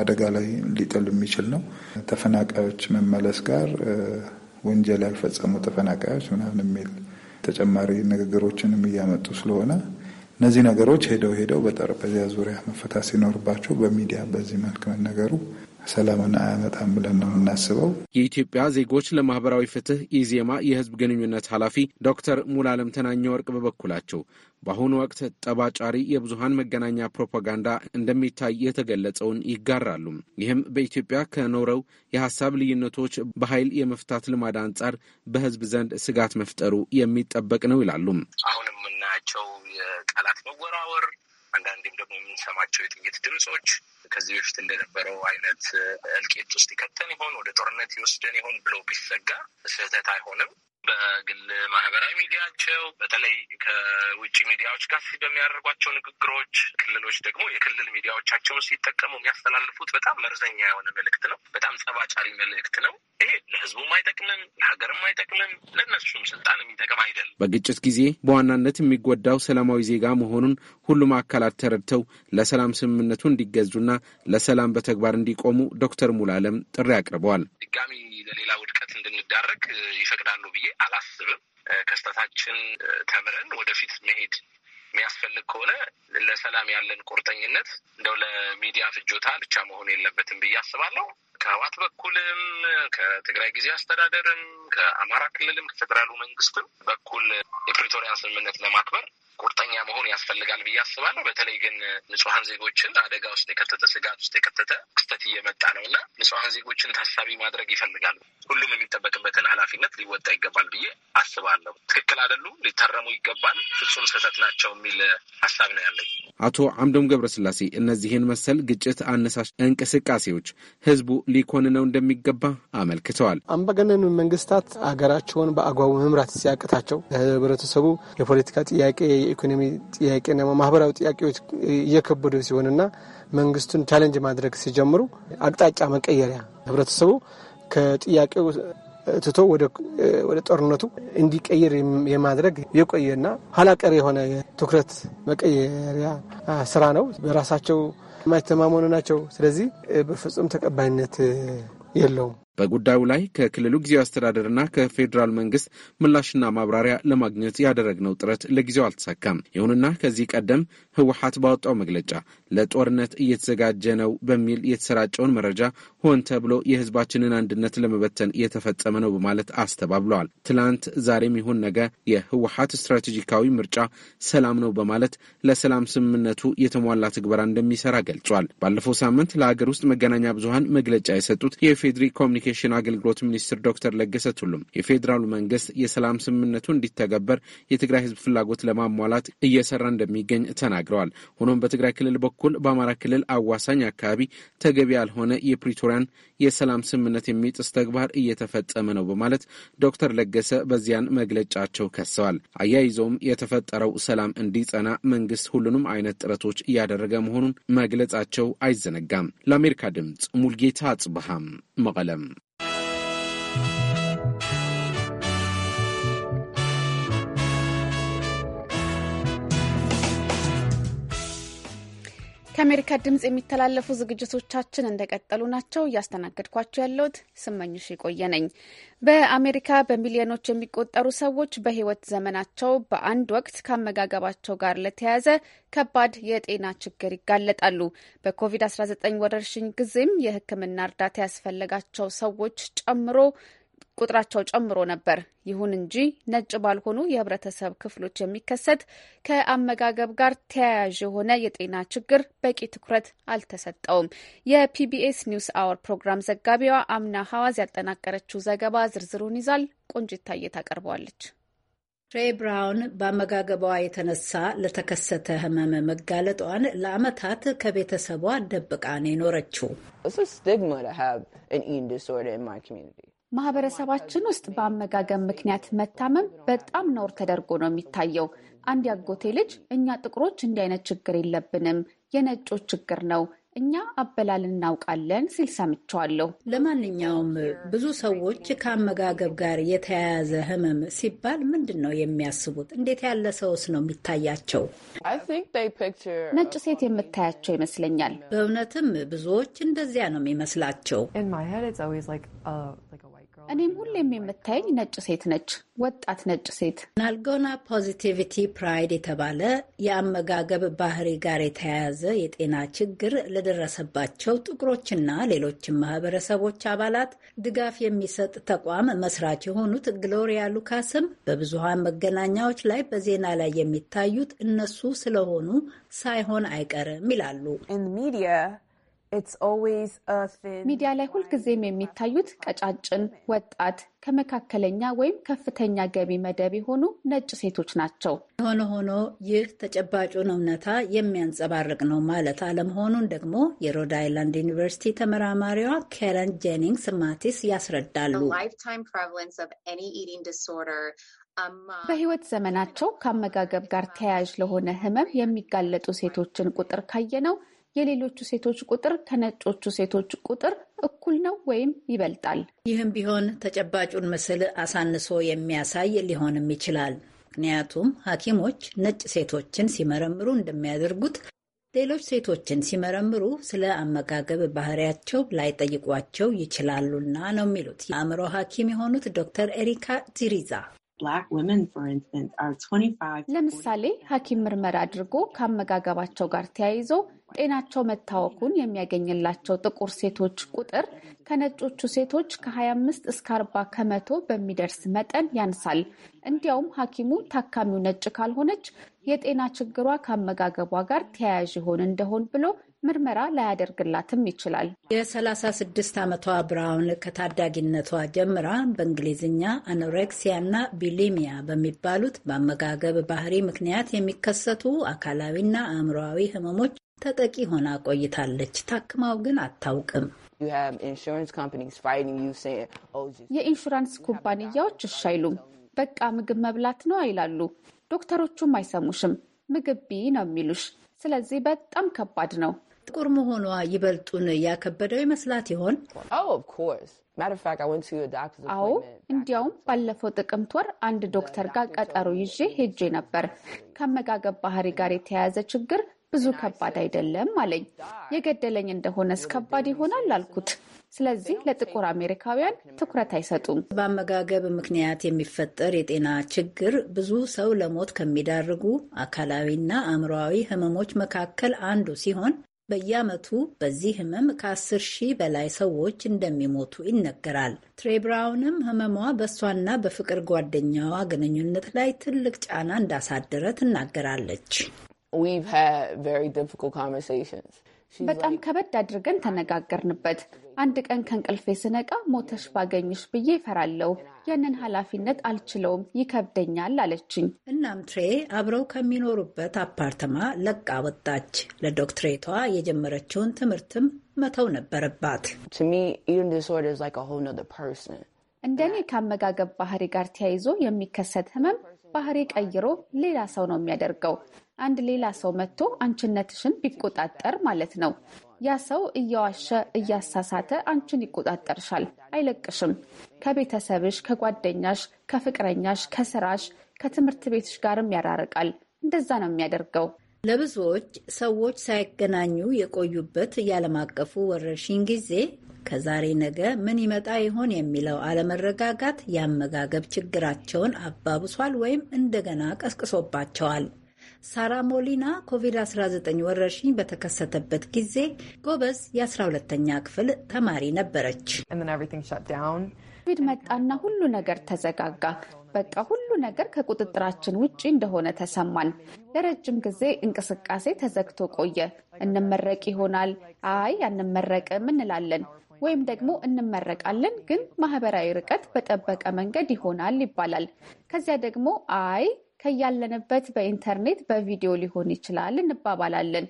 አደጋ ላይ ሊጥል የሚችል ነው። ተፈናቃዮች መመለስ ጋር ወንጀል ያልፈጸሙ ተፈናቃዮች ምናምን የሚል ተጨማሪ ንግግሮችንም እያመጡ ስለሆነ እነዚህ ነገሮች ሄደው ሄደው በጠረጴዛ ዙሪያ መፈታት ሲኖርባቸው በሚዲያ በዚህ መልክ መነገሩ ሰላምን አያመጣም ብለን ነው የምናስበው። የኢትዮጵያ ዜጎች ለማህበራዊ ፍትህ ኢዜማ የህዝብ ግንኙነት ኃላፊ ዶክተር ሙላለም ተናኘ ወርቅ በበኩላቸው በአሁኑ ወቅት ጠባጫሪ የብዙሀን መገናኛ ፕሮፓጋንዳ እንደሚታይ የተገለጸውን ይጋራሉ። ይህም በኢትዮጵያ ከኖረው የሀሳብ ልዩነቶች በኃይል የመፍታት ልማድ አንጻር በህዝብ ዘንድ ስጋት መፍጠሩ የሚጠበቅ ነው ይላሉ። አሁንም የምንሰማቸው የቃላት መወራወር አንዳንዴም ደግሞ የምንሰማቸው የጥይት ድምፆች ከዚህ በፊት እንደነበረው አይነት እልቂት ውስጥ ይከተን ይሆን፣ ወደ ጦርነት ይወስደን ይሆን ብሎ ቢሰጋ ስህተት አይሆንም። በግል ማህበራዊ ሚዲያቸው በተለይ ከውጭ ሚዲያዎች ጋር በሚያደርጓቸው ንግግሮች፣ ክልሎች ደግሞ የክልል ሚዲያዎቻቸውን ሲጠቀሙ የሚያስተላልፉት በጣም መርዘኛ የሆነ መልእክት ነው። በጣም ጸባጫሪ መልእክት ነው። ይሄ ለህዝቡም አይጠቅምም፣ ለሀገርም አይጠቅምም፣ ለእነሱም ስልጣን የሚጠቅም አይደለም። በግጭት ጊዜ በዋናነት የሚጎዳው ሰላማዊ ዜጋ መሆኑን ሁሉም አካላት ተረድተው ለሰላም ስምምነቱ እንዲገዙና ለሰላም በተግባር እንዲቆሙ ዶክተር ሙላለም ጥሪ አቅርበዋል። ድጋሚ ለሌላ ውድቀት እንድንዳረግ ይፈቅዳሉ ብዬ አላስብም። ከስተታችን ተምረን ወደፊት መሄድ የሚያስፈልግ ከሆነ ለሰላም ያለን ቁርጠኝነት እንደው ለሚዲያ ፍጆታ ብቻ መሆን የለበትም ብዬ አስባለሁ። ከህዋት በኩልም ከትግራይ ጊዜ አስተዳደርም ከአማራ ክልልም ከፌዴራሉ መንግስትም በኩል የፕሪቶሪያን ስምምነት ለማክበር ቁርጠኛ መሆን ያስፈልጋል ብዬ አስባለሁ። በተለይ ግን ንጹሐን ዜጎችን አደጋ ውስጥ የከተተ ስጋት ውስጥ የከተተ ክስተት እየመጣ ነው እና ንጹሐን ዜጎችን ታሳቢ ማድረግ ይፈልጋሉ። ሁሉም የሚጠበቅበትን ኃላፊነት ሊወጣ ይገባል ብዬ አስባለሁ። ትክክል አይደሉም፣ ሊታረሙ ይገባል፣ ፍጹም ስህተት ናቸው የሚል ሀሳብ ነው ያለኝ። አቶ አምዶም ገብረስላሴ እነዚህን መሰል ግጭት አነሳሽ እንቅስቃሴዎች ህዝቡ ሊኮንነው እንደሚገባ አመልክተዋል። አምባገነን መንግስታት አገራቸውን በአግባቡ መምራት ሲያቅታቸው ህብረተሰቡ የፖለቲካ ጥያቄ፣ የኢኮኖሚ የኢኮኖሚ ጥያቄና ማህበራዊ ጥያቄዎች እየከበዱ ሲሆንና መንግስቱን ቻለንጅ ማድረግ ሲጀምሩ አቅጣጫ መቀየሪያ ህብረተሰቡ ከጥያቄው ትቶ ወደ ጦርነቱ እንዲቀይር የማድረግ የቆየና ኋላቀር የሆነ ትኩረት መቀየሪያ ስራ ነው። በራሳቸው የማይተማመኑ ናቸው። ስለዚህ በፍጹም ተቀባይነት የለውም። በጉዳዩ ላይ ከክልሉ ጊዜው አስተዳደርና ከፌዴራል መንግስት ምላሽና ማብራሪያ ለማግኘት ያደረግነው ጥረት ለጊዜው አልተሳካም። ይሁንና ከዚህ ቀደም ህወሓት ባወጣው መግለጫ ለጦርነት እየተዘጋጀ ነው በሚል የተሰራጨውን መረጃ ሆን ተብሎ የህዝባችንን አንድነት ለመበተን እየተፈጸመ ነው በማለት አስተባብለዋል። ትላንት፣ ዛሬም ይሁን ነገ የህወሓት ስትራቴጂካዊ ምርጫ ሰላም ነው በማለት ለሰላም ስምምነቱ የተሟላ ትግበራ እንደሚሰራ ገልጿል። ባለፈው ሳምንት ለሀገር ውስጥ መገናኛ ብዙሀን መግለጫ የሰጡት የኢፌዴሪ ኮሚኒ ኮሚኒኬሽን አገልግሎት ሚኒስትር ዶክተር ለገሰ ቱሉም የፌዴራሉ መንግስት የሰላም ስምምነቱ እንዲተገበር የትግራይ ህዝብ ፍላጎት ለማሟላት እየሰራ እንደሚገኝ ተናግረዋል። ሆኖም በትግራይ ክልል በኩል በአማራ ክልል አዋሳኝ አካባቢ ተገቢ ያልሆነ የፕሪቶሪያን የሰላም ስምምነት የሚጥስ ተግባር እየተፈጸመ ነው በማለት ዶክተር ለገሰ በዚያን መግለጫቸው ከሰዋል። አያይዘውም የተፈጠረው ሰላም እንዲጸና መንግስት ሁሉንም አይነት ጥረቶች እያደረገ መሆኑን መግለጻቸው አይዘነጋም። ለአሜሪካ ድምፅ ሙልጌታ አጽብሃም መቀለም ከአሜሪካ ድምፅ የሚተላለፉ ዝግጅቶቻችን እንደቀጠሉ ናቸው። እያስተናገድኳቸው ያለሁት ስመኝሽ የቆየ ነኝ። በአሜሪካ በሚሊዮኖች የሚቆጠሩ ሰዎች በህይወት ዘመናቸው በአንድ ወቅት ከአመጋገባቸው ጋር ለተያያዘ ከባድ የጤና ችግር ይጋለጣሉ። በኮቪድ-19 ወረርሽኝ ጊዜም የሕክምና እርዳታ ያስፈለጋቸው ሰዎች ጨምሮ ቁጥራቸው ጨምሮ ነበር። ይሁን እንጂ ነጭ ባልሆኑ የህብረተሰብ ክፍሎች የሚከሰት ከአመጋገብ ጋር ተያያዥ የሆነ የጤና ችግር በቂ ትኩረት አልተሰጠውም። የፒቢኤስ ኒውስ አወር ፕሮግራም ዘጋቢዋ አምና ሐዋዝ ያጠናቀረችው ዘገባ ዝርዝሩን ይዛል። ቆንጅታዬ ታቀርበዋለች። ሬ ብራውን በአመጋገቧ የተነሳ ለተከሰተ ህመም መጋለጧን ለአመታት ከቤተሰቧ ደብቃን የኖረችው። ማህበረሰባችን ውስጥ በአመጋገብ ምክንያት መታመም በጣም ነውር ተደርጎ ነው የሚታየው። አንድ ያጎቴ ልጅ እኛ ጥቁሮች እንዲህ አይነት ችግር የለብንም፣ የነጮች ችግር ነው እኛ አበላል እናውቃለን ሲል ሰምቸዋለሁ። ለማንኛውም ብዙ ሰዎች ከአመጋገብ ጋር የተያያዘ ህመም ሲባል ምንድን ነው የሚያስቡት? እንዴት ያለ ሰውስ ነው የሚታያቸው? ነጭ ሴት የምታያቸው ይመስለኛል። በእውነትም ብዙዎች እንደዚያ ነው የሚመስላቸው። እኔም ሁሌም የምታየኝ ነጭ ሴት ነች፣ ወጣት ነጭ ሴት። ናልጎና ፖዚቲቪቲ ፕራይድ የተባለ የአመጋገብ ባህሪ ጋር የተያያዘ የጤና ችግር ለደረሰባቸው ጥቁሮችና ሌሎችን ማህበረሰቦች አባላት ድጋፍ የሚሰጥ ተቋም መስራች የሆኑት ግሎሪያ ሉካስም በብዙሃን መገናኛዎች ላይ በዜና ላይ የሚታዩት እነሱ ስለሆኑ ሳይሆን አይቀርም ይላሉ። ሚዲያ ላይ ሁልጊዜም የሚታዩት ቀጫጭን፣ ወጣት፣ ከመካከለኛ ወይም ከፍተኛ ገቢ መደብ የሆኑ ነጭ ሴቶች ናቸው። የሆነ ሆኖ ይህ ተጨባጩን እውነታ የሚያንጸባርቅ ነው ማለት አለመሆኑን ደግሞ የሮድ አይላንድ ዩኒቨርሲቲ ተመራማሪዋ ኬረን ጄኒንግስ ማቲስ ያስረዳሉ። በሕይወት ዘመናቸው ከአመጋገብ ጋር ተያያዥ ለሆነ ህመም የሚጋለጡ ሴቶችን ቁጥር ካየነው የሌሎቹ ሴቶች ቁጥር ከነጮቹ ሴቶች ቁጥር እኩል ነው ወይም ይበልጣል። ይህም ቢሆን ተጨባጩን ምስል አሳንሶ የሚያሳይ ሊሆንም ይችላል። ምክንያቱም ሐኪሞች ነጭ ሴቶችን ሲመረምሩ እንደሚያደርጉት ሌሎች ሴቶችን ሲመረምሩ ስለ አመጋገብ ባህሪያቸው ላይጠይቋቸው ይችላሉና ነው የሚሉት የአእምሮ ሐኪም የሆኑት ዶክተር ኤሪካ ዚሪዛ። ለምሳሌ ሐኪም ምርመራ አድርጎ ከአመጋገባቸው ጋር ተያይዞ ጤናቸው መታወኩን የሚያገኝላቸው ጥቁር ሴቶች ቁጥር ከነጮቹ ሴቶች ከ25 እስከ 40 ከመቶ በሚደርስ መጠን ያንሳል። እንዲያውም ሐኪሙ ታካሚው ነጭ ካልሆነች የጤና ችግሯ ከአመጋገቧ ጋር ተያያዥ ይሆን እንደሆን ብሎ ምርመራ ላያደርግላትም ይችላል። የ36 ዓመቷ ብራውን ከታዳጊነቷ ጀምራ በእንግሊዝኛ አኖሬክሲያ እና ቢሊሚያ በሚባሉት በአመጋገብ ባህሪ ምክንያት የሚከሰቱ አካላዊና አእምሮዊ ህመሞች ተጠቂ ሆና ቆይታለች። ታክማው ግን አታውቅም። oh, የኢንሹራንስ ኩባንያዎች እሺ አይሉም። በቃ ምግብ መብላት ነው አይላሉ። ዶክተሮቹም አይሰሙሽም። ምግብ ቢ ነው የሚሉሽ። ስለዚህ በጣም ከባድ ነው። ጥቁር መሆኗ ይበልጡን ያከበደው ይመስላት ይሆን? Oh, አዎ፣ እንዲያውም ባለፈው ጥቅምት ወር አንድ ዶክተር ጋር ቀጠሮ ይዤ ሄጄ ነበር። ከአመጋገብ ባህሪ ጋር የተያያዘ ችግር ብዙ ከባድ አይደለም አለኝ። የገደለኝ እንደሆነስ ከባድ ይሆናል አልኩት። ስለዚህ ለጥቁር አሜሪካውያን ትኩረት አይሰጡም። በአመጋገብ ምክንያት የሚፈጠር የጤና ችግር ብዙ ሰው ለሞት ከሚዳርጉ አካላዊና አእምሮዊ ህመሞች መካከል አንዱ ሲሆን በየዓመቱ በዚህ ህመም ከአስር ሺህ በላይ ሰዎች እንደሚሞቱ ይነገራል። ትሬ ብራውንም ህመሟ በእሷና በፍቅር ጓደኛዋ ግንኙነት ላይ ትልቅ ጫና እንዳሳደረ ትናገራለች። በጣም ከበድ አድርገን ተነጋገርንበት። አንድ ቀን ከእንቅልፌ ስነቃ ሞተሽ ባገኝሽ ብዬ እፈራለሁ። ያንን ኃላፊነት አልችለውም፣ ይከብደኛል አለችኝ። እናም ትሬ አብረው ከሚኖሩበት አፓርተማ ለቃ ወጣች። ለዶክትሬቷ የጀመረችውን ትምህርትም መተው ነበረባት። እንደኔ ከአመጋገብ ባህሪ ጋር ተያይዞ የሚከሰት ህመም ባህሪ ቀይሮ ሌላ ሰው ነው የሚያደርገው። አንድ ሌላ ሰው መጥቶ አንችነትሽን ቢቆጣጠር ማለት ነው። ያ ሰው እያዋሸ እያሳሳተ አንቺን ይቆጣጠርሻል፣ አይለቅሽም። ከቤተሰብሽ፣ ከጓደኛሽ፣ ከፍቅረኛሽ፣ ከስራሽ፣ ከትምህርት ቤትሽ ጋርም ያራርቃል። እንደዛ ነው የሚያደርገው። ለብዙዎች ሰዎች ሳይገናኙ የቆዩበት ያለም አቀፉ ወረርሽኝ ጊዜ ከዛሬ ነገ ምን ይመጣ ይሆን የሚለው አለመረጋጋት የአመጋገብ ችግራቸውን አባብሷል ወይም እንደገና ቀስቅሶባቸዋል። ሳራ ሞሊና ኮቪድ-19 ወረርሽኝ በተከሰተበት ጊዜ ጎበዝ የ12ተኛ ክፍል ተማሪ ነበረች። ኮቪድ መጣና ሁሉ ነገር ተዘጋጋ። በቃ ሁሉ ነገር ከቁጥጥራችን ውጭ እንደሆነ ተሰማን። ለረጅም ጊዜ እንቅስቃሴ ተዘግቶ ቆየ። እንመረቅ ይሆናል፣ አይ አንመረቅም እንላለን ወይም ደግሞ እንመረቃለን ግን ማህበራዊ ርቀት በጠበቀ መንገድ ይሆናል ይባላል። ከዚያ ደግሞ አይ ከያለንበት በኢንተርኔት በቪዲዮ ሊሆን ይችላል እንባባላለን።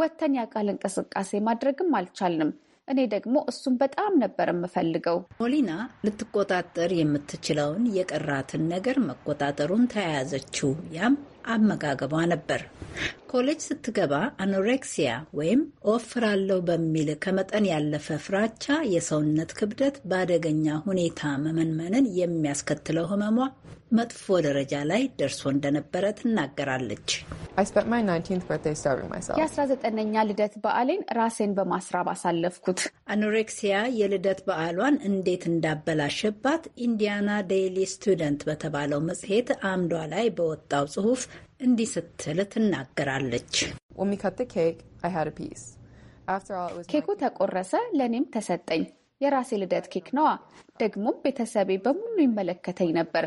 ወተን የአካል እንቅስቃሴ ማድረግም አልቻልንም። እኔ ደግሞ እሱን በጣም ነበር የምፈልገው። ሞሊና ልትቆጣጠር የምትችለውን የቀራትን ነገር መቆጣጠሩን ተያያዘችው። ያም አመጋገቧ ነበር። ኮሌጅ ስትገባ አኖሬክሲያ ወይም እወፍራለሁ በሚል ከመጠን ያለፈ ፍራቻ የሰውነት ክብደት በአደገኛ ሁኔታ መመንመንን የሚያስከትለው ህመሟ መጥፎ ደረጃ ላይ ደርሶ እንደነበረ ትናገራለች። የ19ኛ ልደት በዓሌን ራሴን በማስራብ አሳለፍኩት። አኖሬክሲያ የልደት በዓሏን እንዴት እንዳበላሸባት ኢንዲያና ዴይሊ ስቱደንት በተባለው መጽሔት አምዷ ላይ በወጣው ጽሁፍ እንዲህ ስትል ትናገራለች። ኬኩ ተቆረሰ፣ ለእኔም ተሰጠኝ። የራሴ ልደት ኬክ ነዋ። ደግሞም ቤተሰቤ በሙሉ ይመለከተኝ ነበር።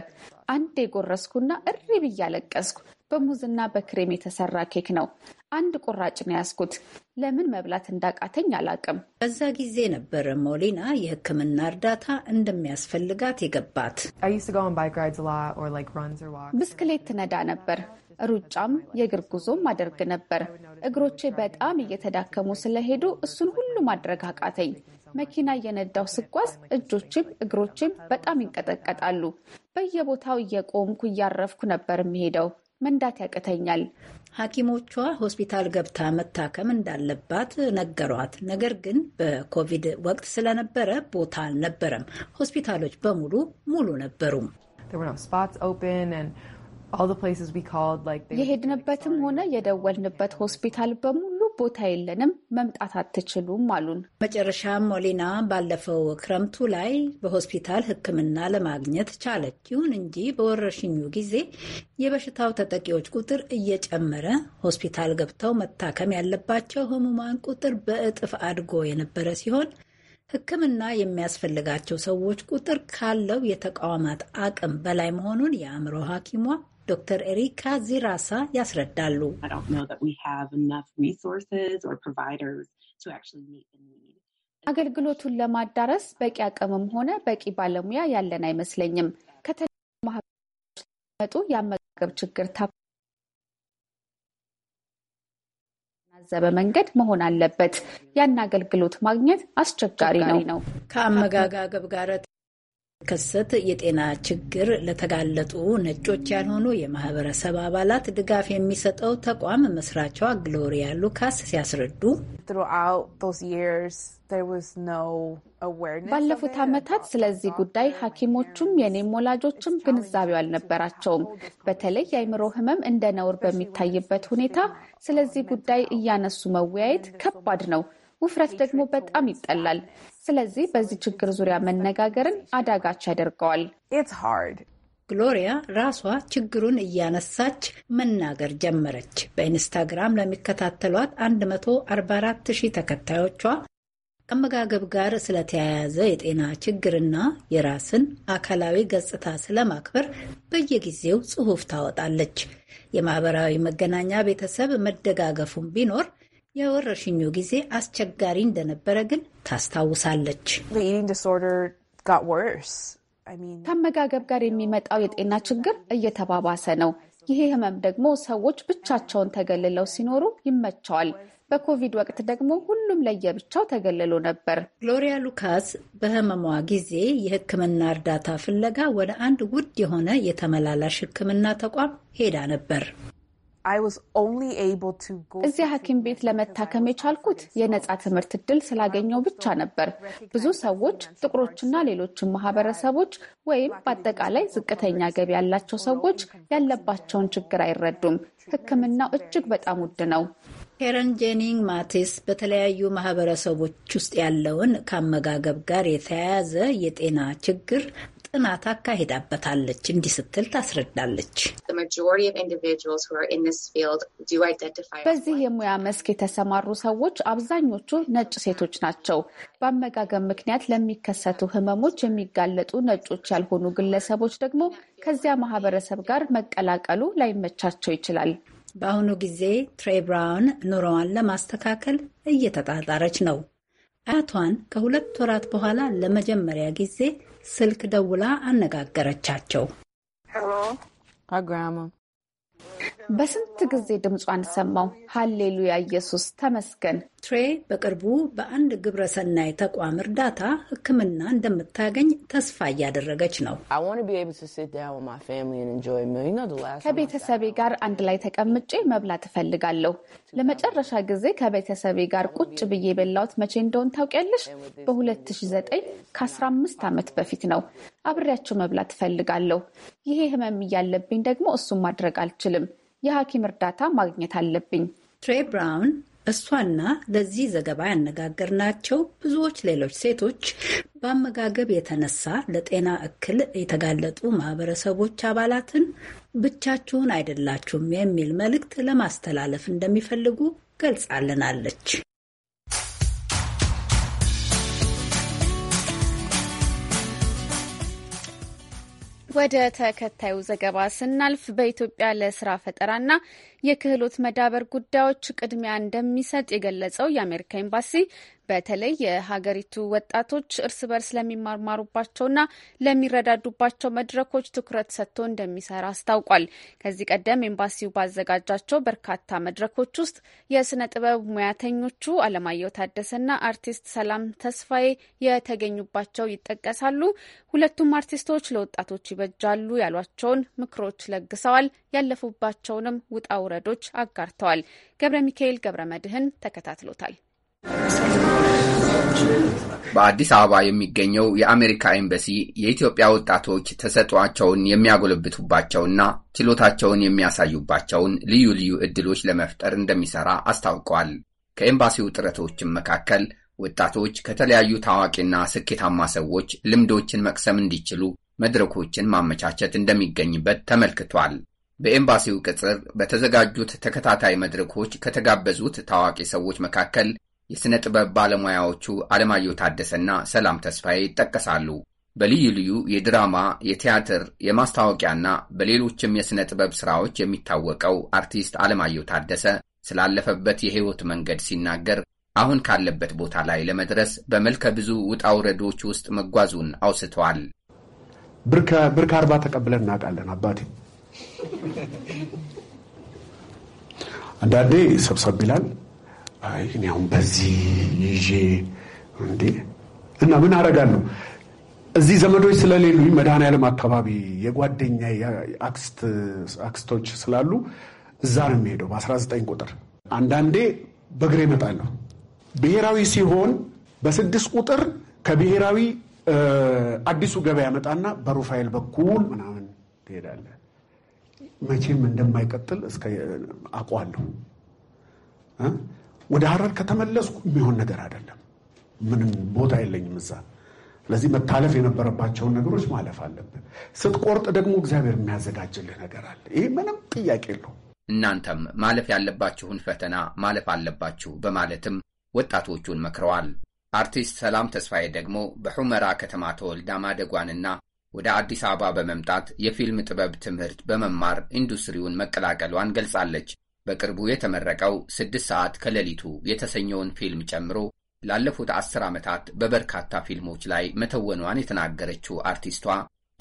አንድ የጎረስኩና እሪ ብዬ አለቀስኩ። በሙዝና በክሬም የተሰራ ኬክ ነው። አንድ ቁራጭ ነው ያስኩት። ለምን መብላት እንዳቃተኝ አላቅም። በዛ ጊዜ ነበር ሞሊና የሕክምና እርዳታ እንደሚያስፈልጋት የገባት። ብስክሌት ትነዳ ነበር። ሩጫም የእግር ጉዞም አደርግ ነበር። እግሮቼ በጣም እየተዳከሙ ስለሄዱ እሱን ሁሉ ማድረግ አቃተኝ። መኪና እየነዳው ስጓዝ እጆችም እግሮችም በጣም ይንቀጠቀጣሉ። በየቦታው እየቆምኩ እያረፍኩ ነበር የሚሄደው። መንዳት ያቅተኛል። ሐኪሞቿ ሆስፒታል ገብታ መታከም እንዳለባት ነገሯት። ነገር ግን በኮቪድ ወቅት ስለነበረ ቦታ አልነበረም። ሆስፒታሎች በሙሉ ሙሉ ነበሩም። የሄድንበትም ሆነ የደወልንበት ሆስፒታል በሙሉ ቦታ የለንም፣ መምጣት አትችሉም አሉን። መጨረሻ ሞሊና ባለፈው ክረምቱ ላይ በሆስፒታል ሕክምና ለማግኘት ቻለች። ይሁን እንጂ በወረርሽኙ ጊዜ የበሽታው ተጠቂዎች ቁጥር እየጨመረ ሆስፒታል ገብተው መታከም ያለባቸው ህሙማን ቁጥር በእጥፍ አድጎ የነበረ ሲሆን ሕክምና የሚያስፈልጋቸው ሰዎች ቁጥር ካለው የተቋማት አቅም በላይ መሆኑን የአእምሮ ሐኪሟ ዶክተር ኤሪካ ዚራሳ ያስረዳሉ። አገልግሎቱን ለማዳረስ በቂ አቅምም ሆነ በቂ ባለሙያ ያለን አይመስለኝም። ከተለያዩ ማህበረሰቦች መጡ የአመጋገብ ችግር ዘበ መንገድ መሆን አለበት። ያን አገልግሎት ማግኘት አስቸጋሪ ነው። ከአመጋጋገብ ጋር ከሰት የጤና ችግር ለተጋለጡ ነጮች ያልሆኑ የማህበረሰብ አባላት ድጋፍ የሚሰጠው ተቋም መስራቿ ግሎሪያ ሉካስ ሲያስረዱ ባለፉት ዓመታት ስለዚህ ጉዳይ ሐኪሞቹም የኔም ወላጆችም ግንዛቤው አልነበራቸውም። በተለይ የአይምሮ ህመም እንደ ነውር በሚታይበት ሁኔታ ስለዚህ ጉዳይ እያነሱ መወያየት ከባድ ነው። ውፍረት ደግሞ በጣም ይጠላል። ስለዚህ በዚህ ችግር ዙሪያ መነጋገርን አዳጋች ያደርገዋል። ግሎሪያ ራሷ ችግሩን እያነሳች መናገር ጀመረች። በኢንስታግራም ለሚከታተሏት 144 ሺህ ተከታዮቿ ከአመጋገብ ጋር ስለተያያዘ የጤና ችግርና የራስን አካላዊ ገጽታ ስለማክበር በየጊዜው ጽሑፍ ታወጣለች። የማህበራዊ መገናኛ ቤተሰብ መደጋገፉን ቢኖር የወረርሽኙ ጊዜ አስቸጋሪ እንደነበረ ግን ታስታውሳለች። ከአመጋገብ ጋር የሚመጣው የጤና ችግር እየተባባሰ ነው። ይሄ ህመም ደግሞ ሰዎች ብቻቸውን ተገልለው ሲኖሩ ይመቸዋል። በኮቪድ ወቅት ደግሞ ሁሉም ለየብቻው ተገልሎ ነበር። ግሎሪያ ሉካስ በህመሟ ጊዜ የህክምና እርዳታ ፍለጋ ወደ አንድ ውድ የሆነ የተመላላሽ ህክምና ተቋም ሄዳ ነበር። እዚያ ሐኪም ቤት ለመታከም የቻልኩት የነጻ ትምህርት እድል ስላገኘው ብቻ ነበር። ብዙ ሰዎች ጥቁሮችና ሌሎችን ማህበረሰቦች ወይም በአጠቃላይ ዝቅተኛ ገቢ ያላቸው ሰዎች ያለባቸውን ችግር አይረዱም። ሕክምናው እጅግ በጣም ውድ ነው። ሄረን ጄኒንግ ማቴስ በተለያዩ ማህበረሰቦች ውስጥ ያለውን ከአመጋገብ ጋር የተያያዘ የጤና ችግር ጥናት አካሂዳበታለች። እንዲህ ስትል ታስረዳለች። በዚህ የሙያ መስክ የተሰማሩ ሰዎች አብዛኞቹ ነጭ ሴቶች ናቸው። በአመጋገብ ምክንያት ለሚከሰቱ ህመሞች የሚጋለጡ ነጮች ያልሆኑ ግለሰቦች ደግሞ ከዚያ ማህበረሰብ ጋር መቀላቀሉ ላይመቻቸው ይችላል። በአሁኑ ጊዜ ትሬ ብራውን ኑሮዋን ለማስተካከል እየተጣጣረች ነው። አያቷን ከሁለት ወራት በኋላ ለመጀመሪያ ጊዜ ስልክ ደውላ አነጋገረቻቸው። በስንት ጊዜ ድምጿን ሰማው። ሀሌሉያ ኢየሱስ ተመስገን። ትሬ በቅርቡ በአንድ ሰናይ ተቋም እርዳታ ሕክምና እንደምታገኝ ተስፋ እያደረገች ነው። ከቤተሰቤ ጋር አንድ ላይ ተቀምጬ መብላት እፈልጋለሁ። ለመጨረሻ ጊዜ ከቤተሰቤ ጋር ቁጭ ብዬ የበላሁት መቼ እንደሆን ታውቂያለሽ? በ2009 ከ15 ዓመት በፊት ነው። አብሬያቸው መብላት እፈልጋለሁ። ይሄ ህመም እያለብኝ ደግሞ እሱን ማድረግ አልችልም። የሐኪም እርዳታ ማግኘት አለብኝ። ትሬ ብራውን እሷና ለዚህ ዘገባ ያነጋገርናቸው ብዙዎች ሌሎች ሴቶች በአመጋገብ የተነሳ ለጤና እክል የተጋለጡ ማህበረሰቦች አባላትን ብቻችሁን አይደላችሁም የሚል መልእክት ለማስተላለፍ እንደሚፈልጉ ገልጻልናለች። ወደ ተከታዩ ዘገባ ስናልፍ በኢትዮጵያ ለስራ ፈጠራና የክህሎት መዳበር ጉዳዮች ቅድሚያ እንደሚሰጥ የገለጸው የአሜሪካ ኤምባሲ በተለይ የሀገሪቱ ወጣቶች እርስ በርስ ለሚማማሩባቸውና ለሚረዳዱባቸው መድረኮች ትኩረት ሰጥቶ እንደሚሰራ አስታውቋል። ከዚህ ቀደም ኤምባሲው ባዘጋጃቸው በርካታ መድረኮች ውስጥ የስነ ጥበብ ሙያተኞቹ አለማየሁ ታደሰና አርቲስት ሰላም ተስፋዬ የተገኙባቸው ይጠቀሳሉ። ሁለቱም አርቲስቶች ለወጣቶች ይበጃሉ ያሏቸውን ምክሮች ለግሰዋል። ያለፉባቸውንም ውጣ ውረ ወረዶች አጋርተዋል። ገብረ ሚካኤል ገብረ መድህን ተከታትሎታል። በአዲስ አበባ የሚገኘው የአሜሪካ ኤምባሲ የኢትዮጵያ ወጣቶች ተሰጧቸውን የሚያጎለብቱባቸውና ችሎታቸውን የሚያሳዩባቸውን ልዩ ልዩ እድሎች ለመፍጠር እንደሚሰራ አስታውቋል። ከኤምባሲው ጥረቶችም መካከል ወጣቶች ከተለያዩ ታዋቂና ስኬታማ ሰዎች ልምዶችን መቅሰም እንዲችሉ መድረኮችን ማመቻቸት እንደሚገኝበት ተመልክቷል። በኤምባሲው ቅጽር በተዘጋጁት ተከታታይ መድረኮች ከተጋበዙት ታዋቂ ሰዎች መካከል የሥነ ጥበብ ባለሙያዎቹ አለማየሁ ታደሰና ሰላም ተስፋዬ ይጠቀሳሉ። በልዩ ልዩ የድራማ፣ የቲያትር፣ የማስታወቂያና በሌሎችም የሥነ ጥበብ ሥራዎች የሚታወቀው አርቲስት አለማየሁ ታደሰ ስላለፈበት የሕይወት መንገድ ሲናገር አሁን ካለበት ቦታ ላይ ለመድረስ በመልከ ብዙ ውጣ ውረዶች ውስጥ መጓዙን አውስተዋል። ብርከ አርባ ተቀብለን እናውቃለን። አባቴ አንዳንዴ ሰብሰብ ይላል። እኔ አሁን በዚህ ይዤ እንዴ እና ምን አደርጋለሁ? እዚህ ዘመዶች ስለሌሉኝ መድኃኔዓለም አካባቢ የጓደኛ አክስቶች ስላሉ እዛ ነው የሚሄደው በ19 ቁጥር። አንዳንዴ በእግሬ እመጣለሁ። ብሔራዊ ሲሆን በስድስት ቁጥር ከብሔራዊ አዲሱ ገበያ መጣና በሩፋኤል በኩል ምናምን ትሄዳለህ መቼም እንደማይቀጥል እስከ አውቀዋለሁ። ወደ ሀረር ከተመለስኩ የሚሆን ነገር አይደለም። ምንም ቦታ የለኝም እዛ። ስለዚህ መታለፍ የነበረባቸውን ነገሮች ማለፍ አለብን። ስትቆርጥ ደግሞ እግዚአብሔር የሚያዘጋጅልህ ነገር አለ። ይህ ምንም ጥያቄ የለው። እናንተም ማለፍ ያለባችሁን ፈተና ማለፍ አለባችሁ በማለትም ወጣቶቹን መክረዋል። አርቲስት ሰላም ተስፋዬ ደግሞ በሑመራ ከተማ ተወልዳ ማደጓንና ወደ አዲስ አበባ በመምጣት የፊልም ጥበብ ትምህርት በመማር ኢንዱስትሪውን መቀላቀሏን ገልጻለች። በቅርቡ የተመረቀው ስድስት ሰዓት ከሌሊቱ የተሰኘውን ፊልም ጨምሮ ላለፉት አስር ዓመታት በበርካታ ፊልሞች ላይ መተወኗን የተናገረችው አርቲስቷ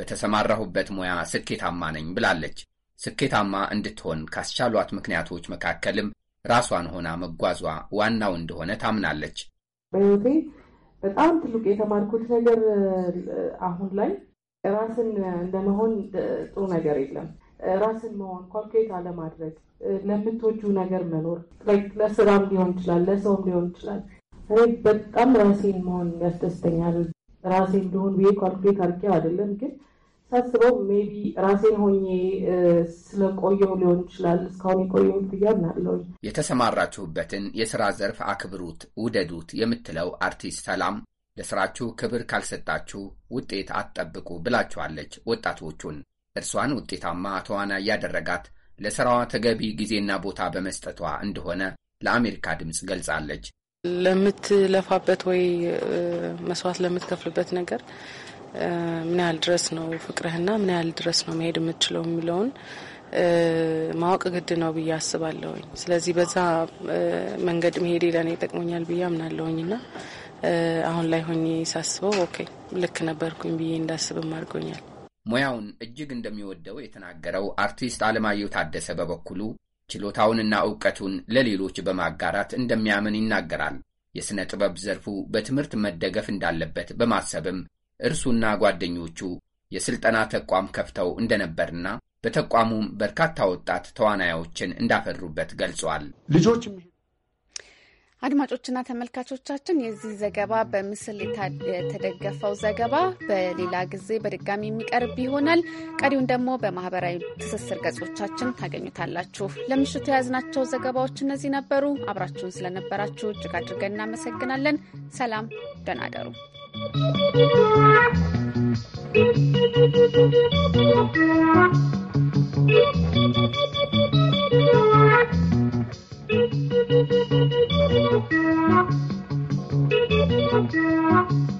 በተሰማራሁበት ሙያ ስኬታማ ነኝ ብላለች። ስኬታማ እንድትሆን ካስቻሏት ምክንያቶች መካከልም ራሷን ሆና መጓዟ ዋናው እንደሆነ ታምናለች። በሕይወቴ በጣም ትልቅ የተማርኩት ነገር አሁን ላይ ራስን እንደመሆን ጥሩ ነገር የለም። ራስን መሆን ኮልኬት አለማድረግ፣ ለምትወጁ ነገር መኖር፣ ለስራም ሊሆን ይችላል፣ ለሰውም ሊሆን ይችላል። እኔ በጣም ራሴን መሆን ያስደስተኛል። ራሴ እንደሆን ብዬ ኮልኬት አድርጌው አይደለም፣ ግን ሳስበው ሜቢ ራሴን ሆኜ ስለቆየው ሊሆን ይችላል። እስካሁን የቆየሁት ብያምናለሁ። የተሰማራችሁበትን የስራ ዘርፍ አክብሩት፣ ውደዱት የምትለው አርቲስት ሰላም ለሥራችሁ ክብር ካልሰጣችሁ ውጤት አትጠብቁ ብላችኋለች ወጣቶቹን። እርሷን ውጤታማ ተዋና እያደረጋት ለሥራዋ ተገቢ ጊዜና ቦታ በመስጠቷ እንደሆነ ለአሜሪካ ድምፅ ገልጻለች። ለምትለፋበት ወይ መስዋዕት ለምትከፍልበት ነገር ምን ያህል ድረስ ነው ፍቅርህና ምን ያህል ድረስ ነው መሄድ የምትችለው የሚለውን ማወቅ ግድ ነው ብዬ አስባለሁኝ። ስለዚህ በዛ መንገድ መሄድ ለእኔ ይጠቅመኛል ብዬ አምናለሁኝና አሁን ላይ ሆኜ ሳስበው ኦኬ ልክ ነበርኩኝ ብዬ እንዳስብም አድርጎኛል። ሙያውን እጅግ እንደሚወደው የተናገረው አርቲስት አለማየሁ ታደሰ በበኩሉ ችሎታውንና እውቀቱን ለሌሎች በማጋራት እንደሚያምን ይናገራል። የሥነ ጥበብ ዘርፉ በትምህርት መደገፍ እንዳለበት በማሰብም እርሱና ጓደኞቹ የሥልጠና ተቋም ከፍተው እንደነበርና በተቋሙም በርካታ ወጣት ተዋናዮችን እንዳፈሩበት ገልጿል። ልጆች አድማጮችና ተመልካቾቻችን የዚህ ዘገባ በምስል የተደገፈው ዘገባ በሌላ ጊዜ በድጋሚ የሚቀርብ ይሆናል። ቀሪውን ደግሞ በማህበራዊ ትስስር ገጾቻችን ታገኙታላችሁ። ለምሽቱ የያዝናቸው ዘገባዎች እነዚህ ነበሩ። አብራችሁን ስለነበራችሁ እጅግ አድርገን እናመሰግናለን። ሰላም፣ ደህና እደሩ። Thank you.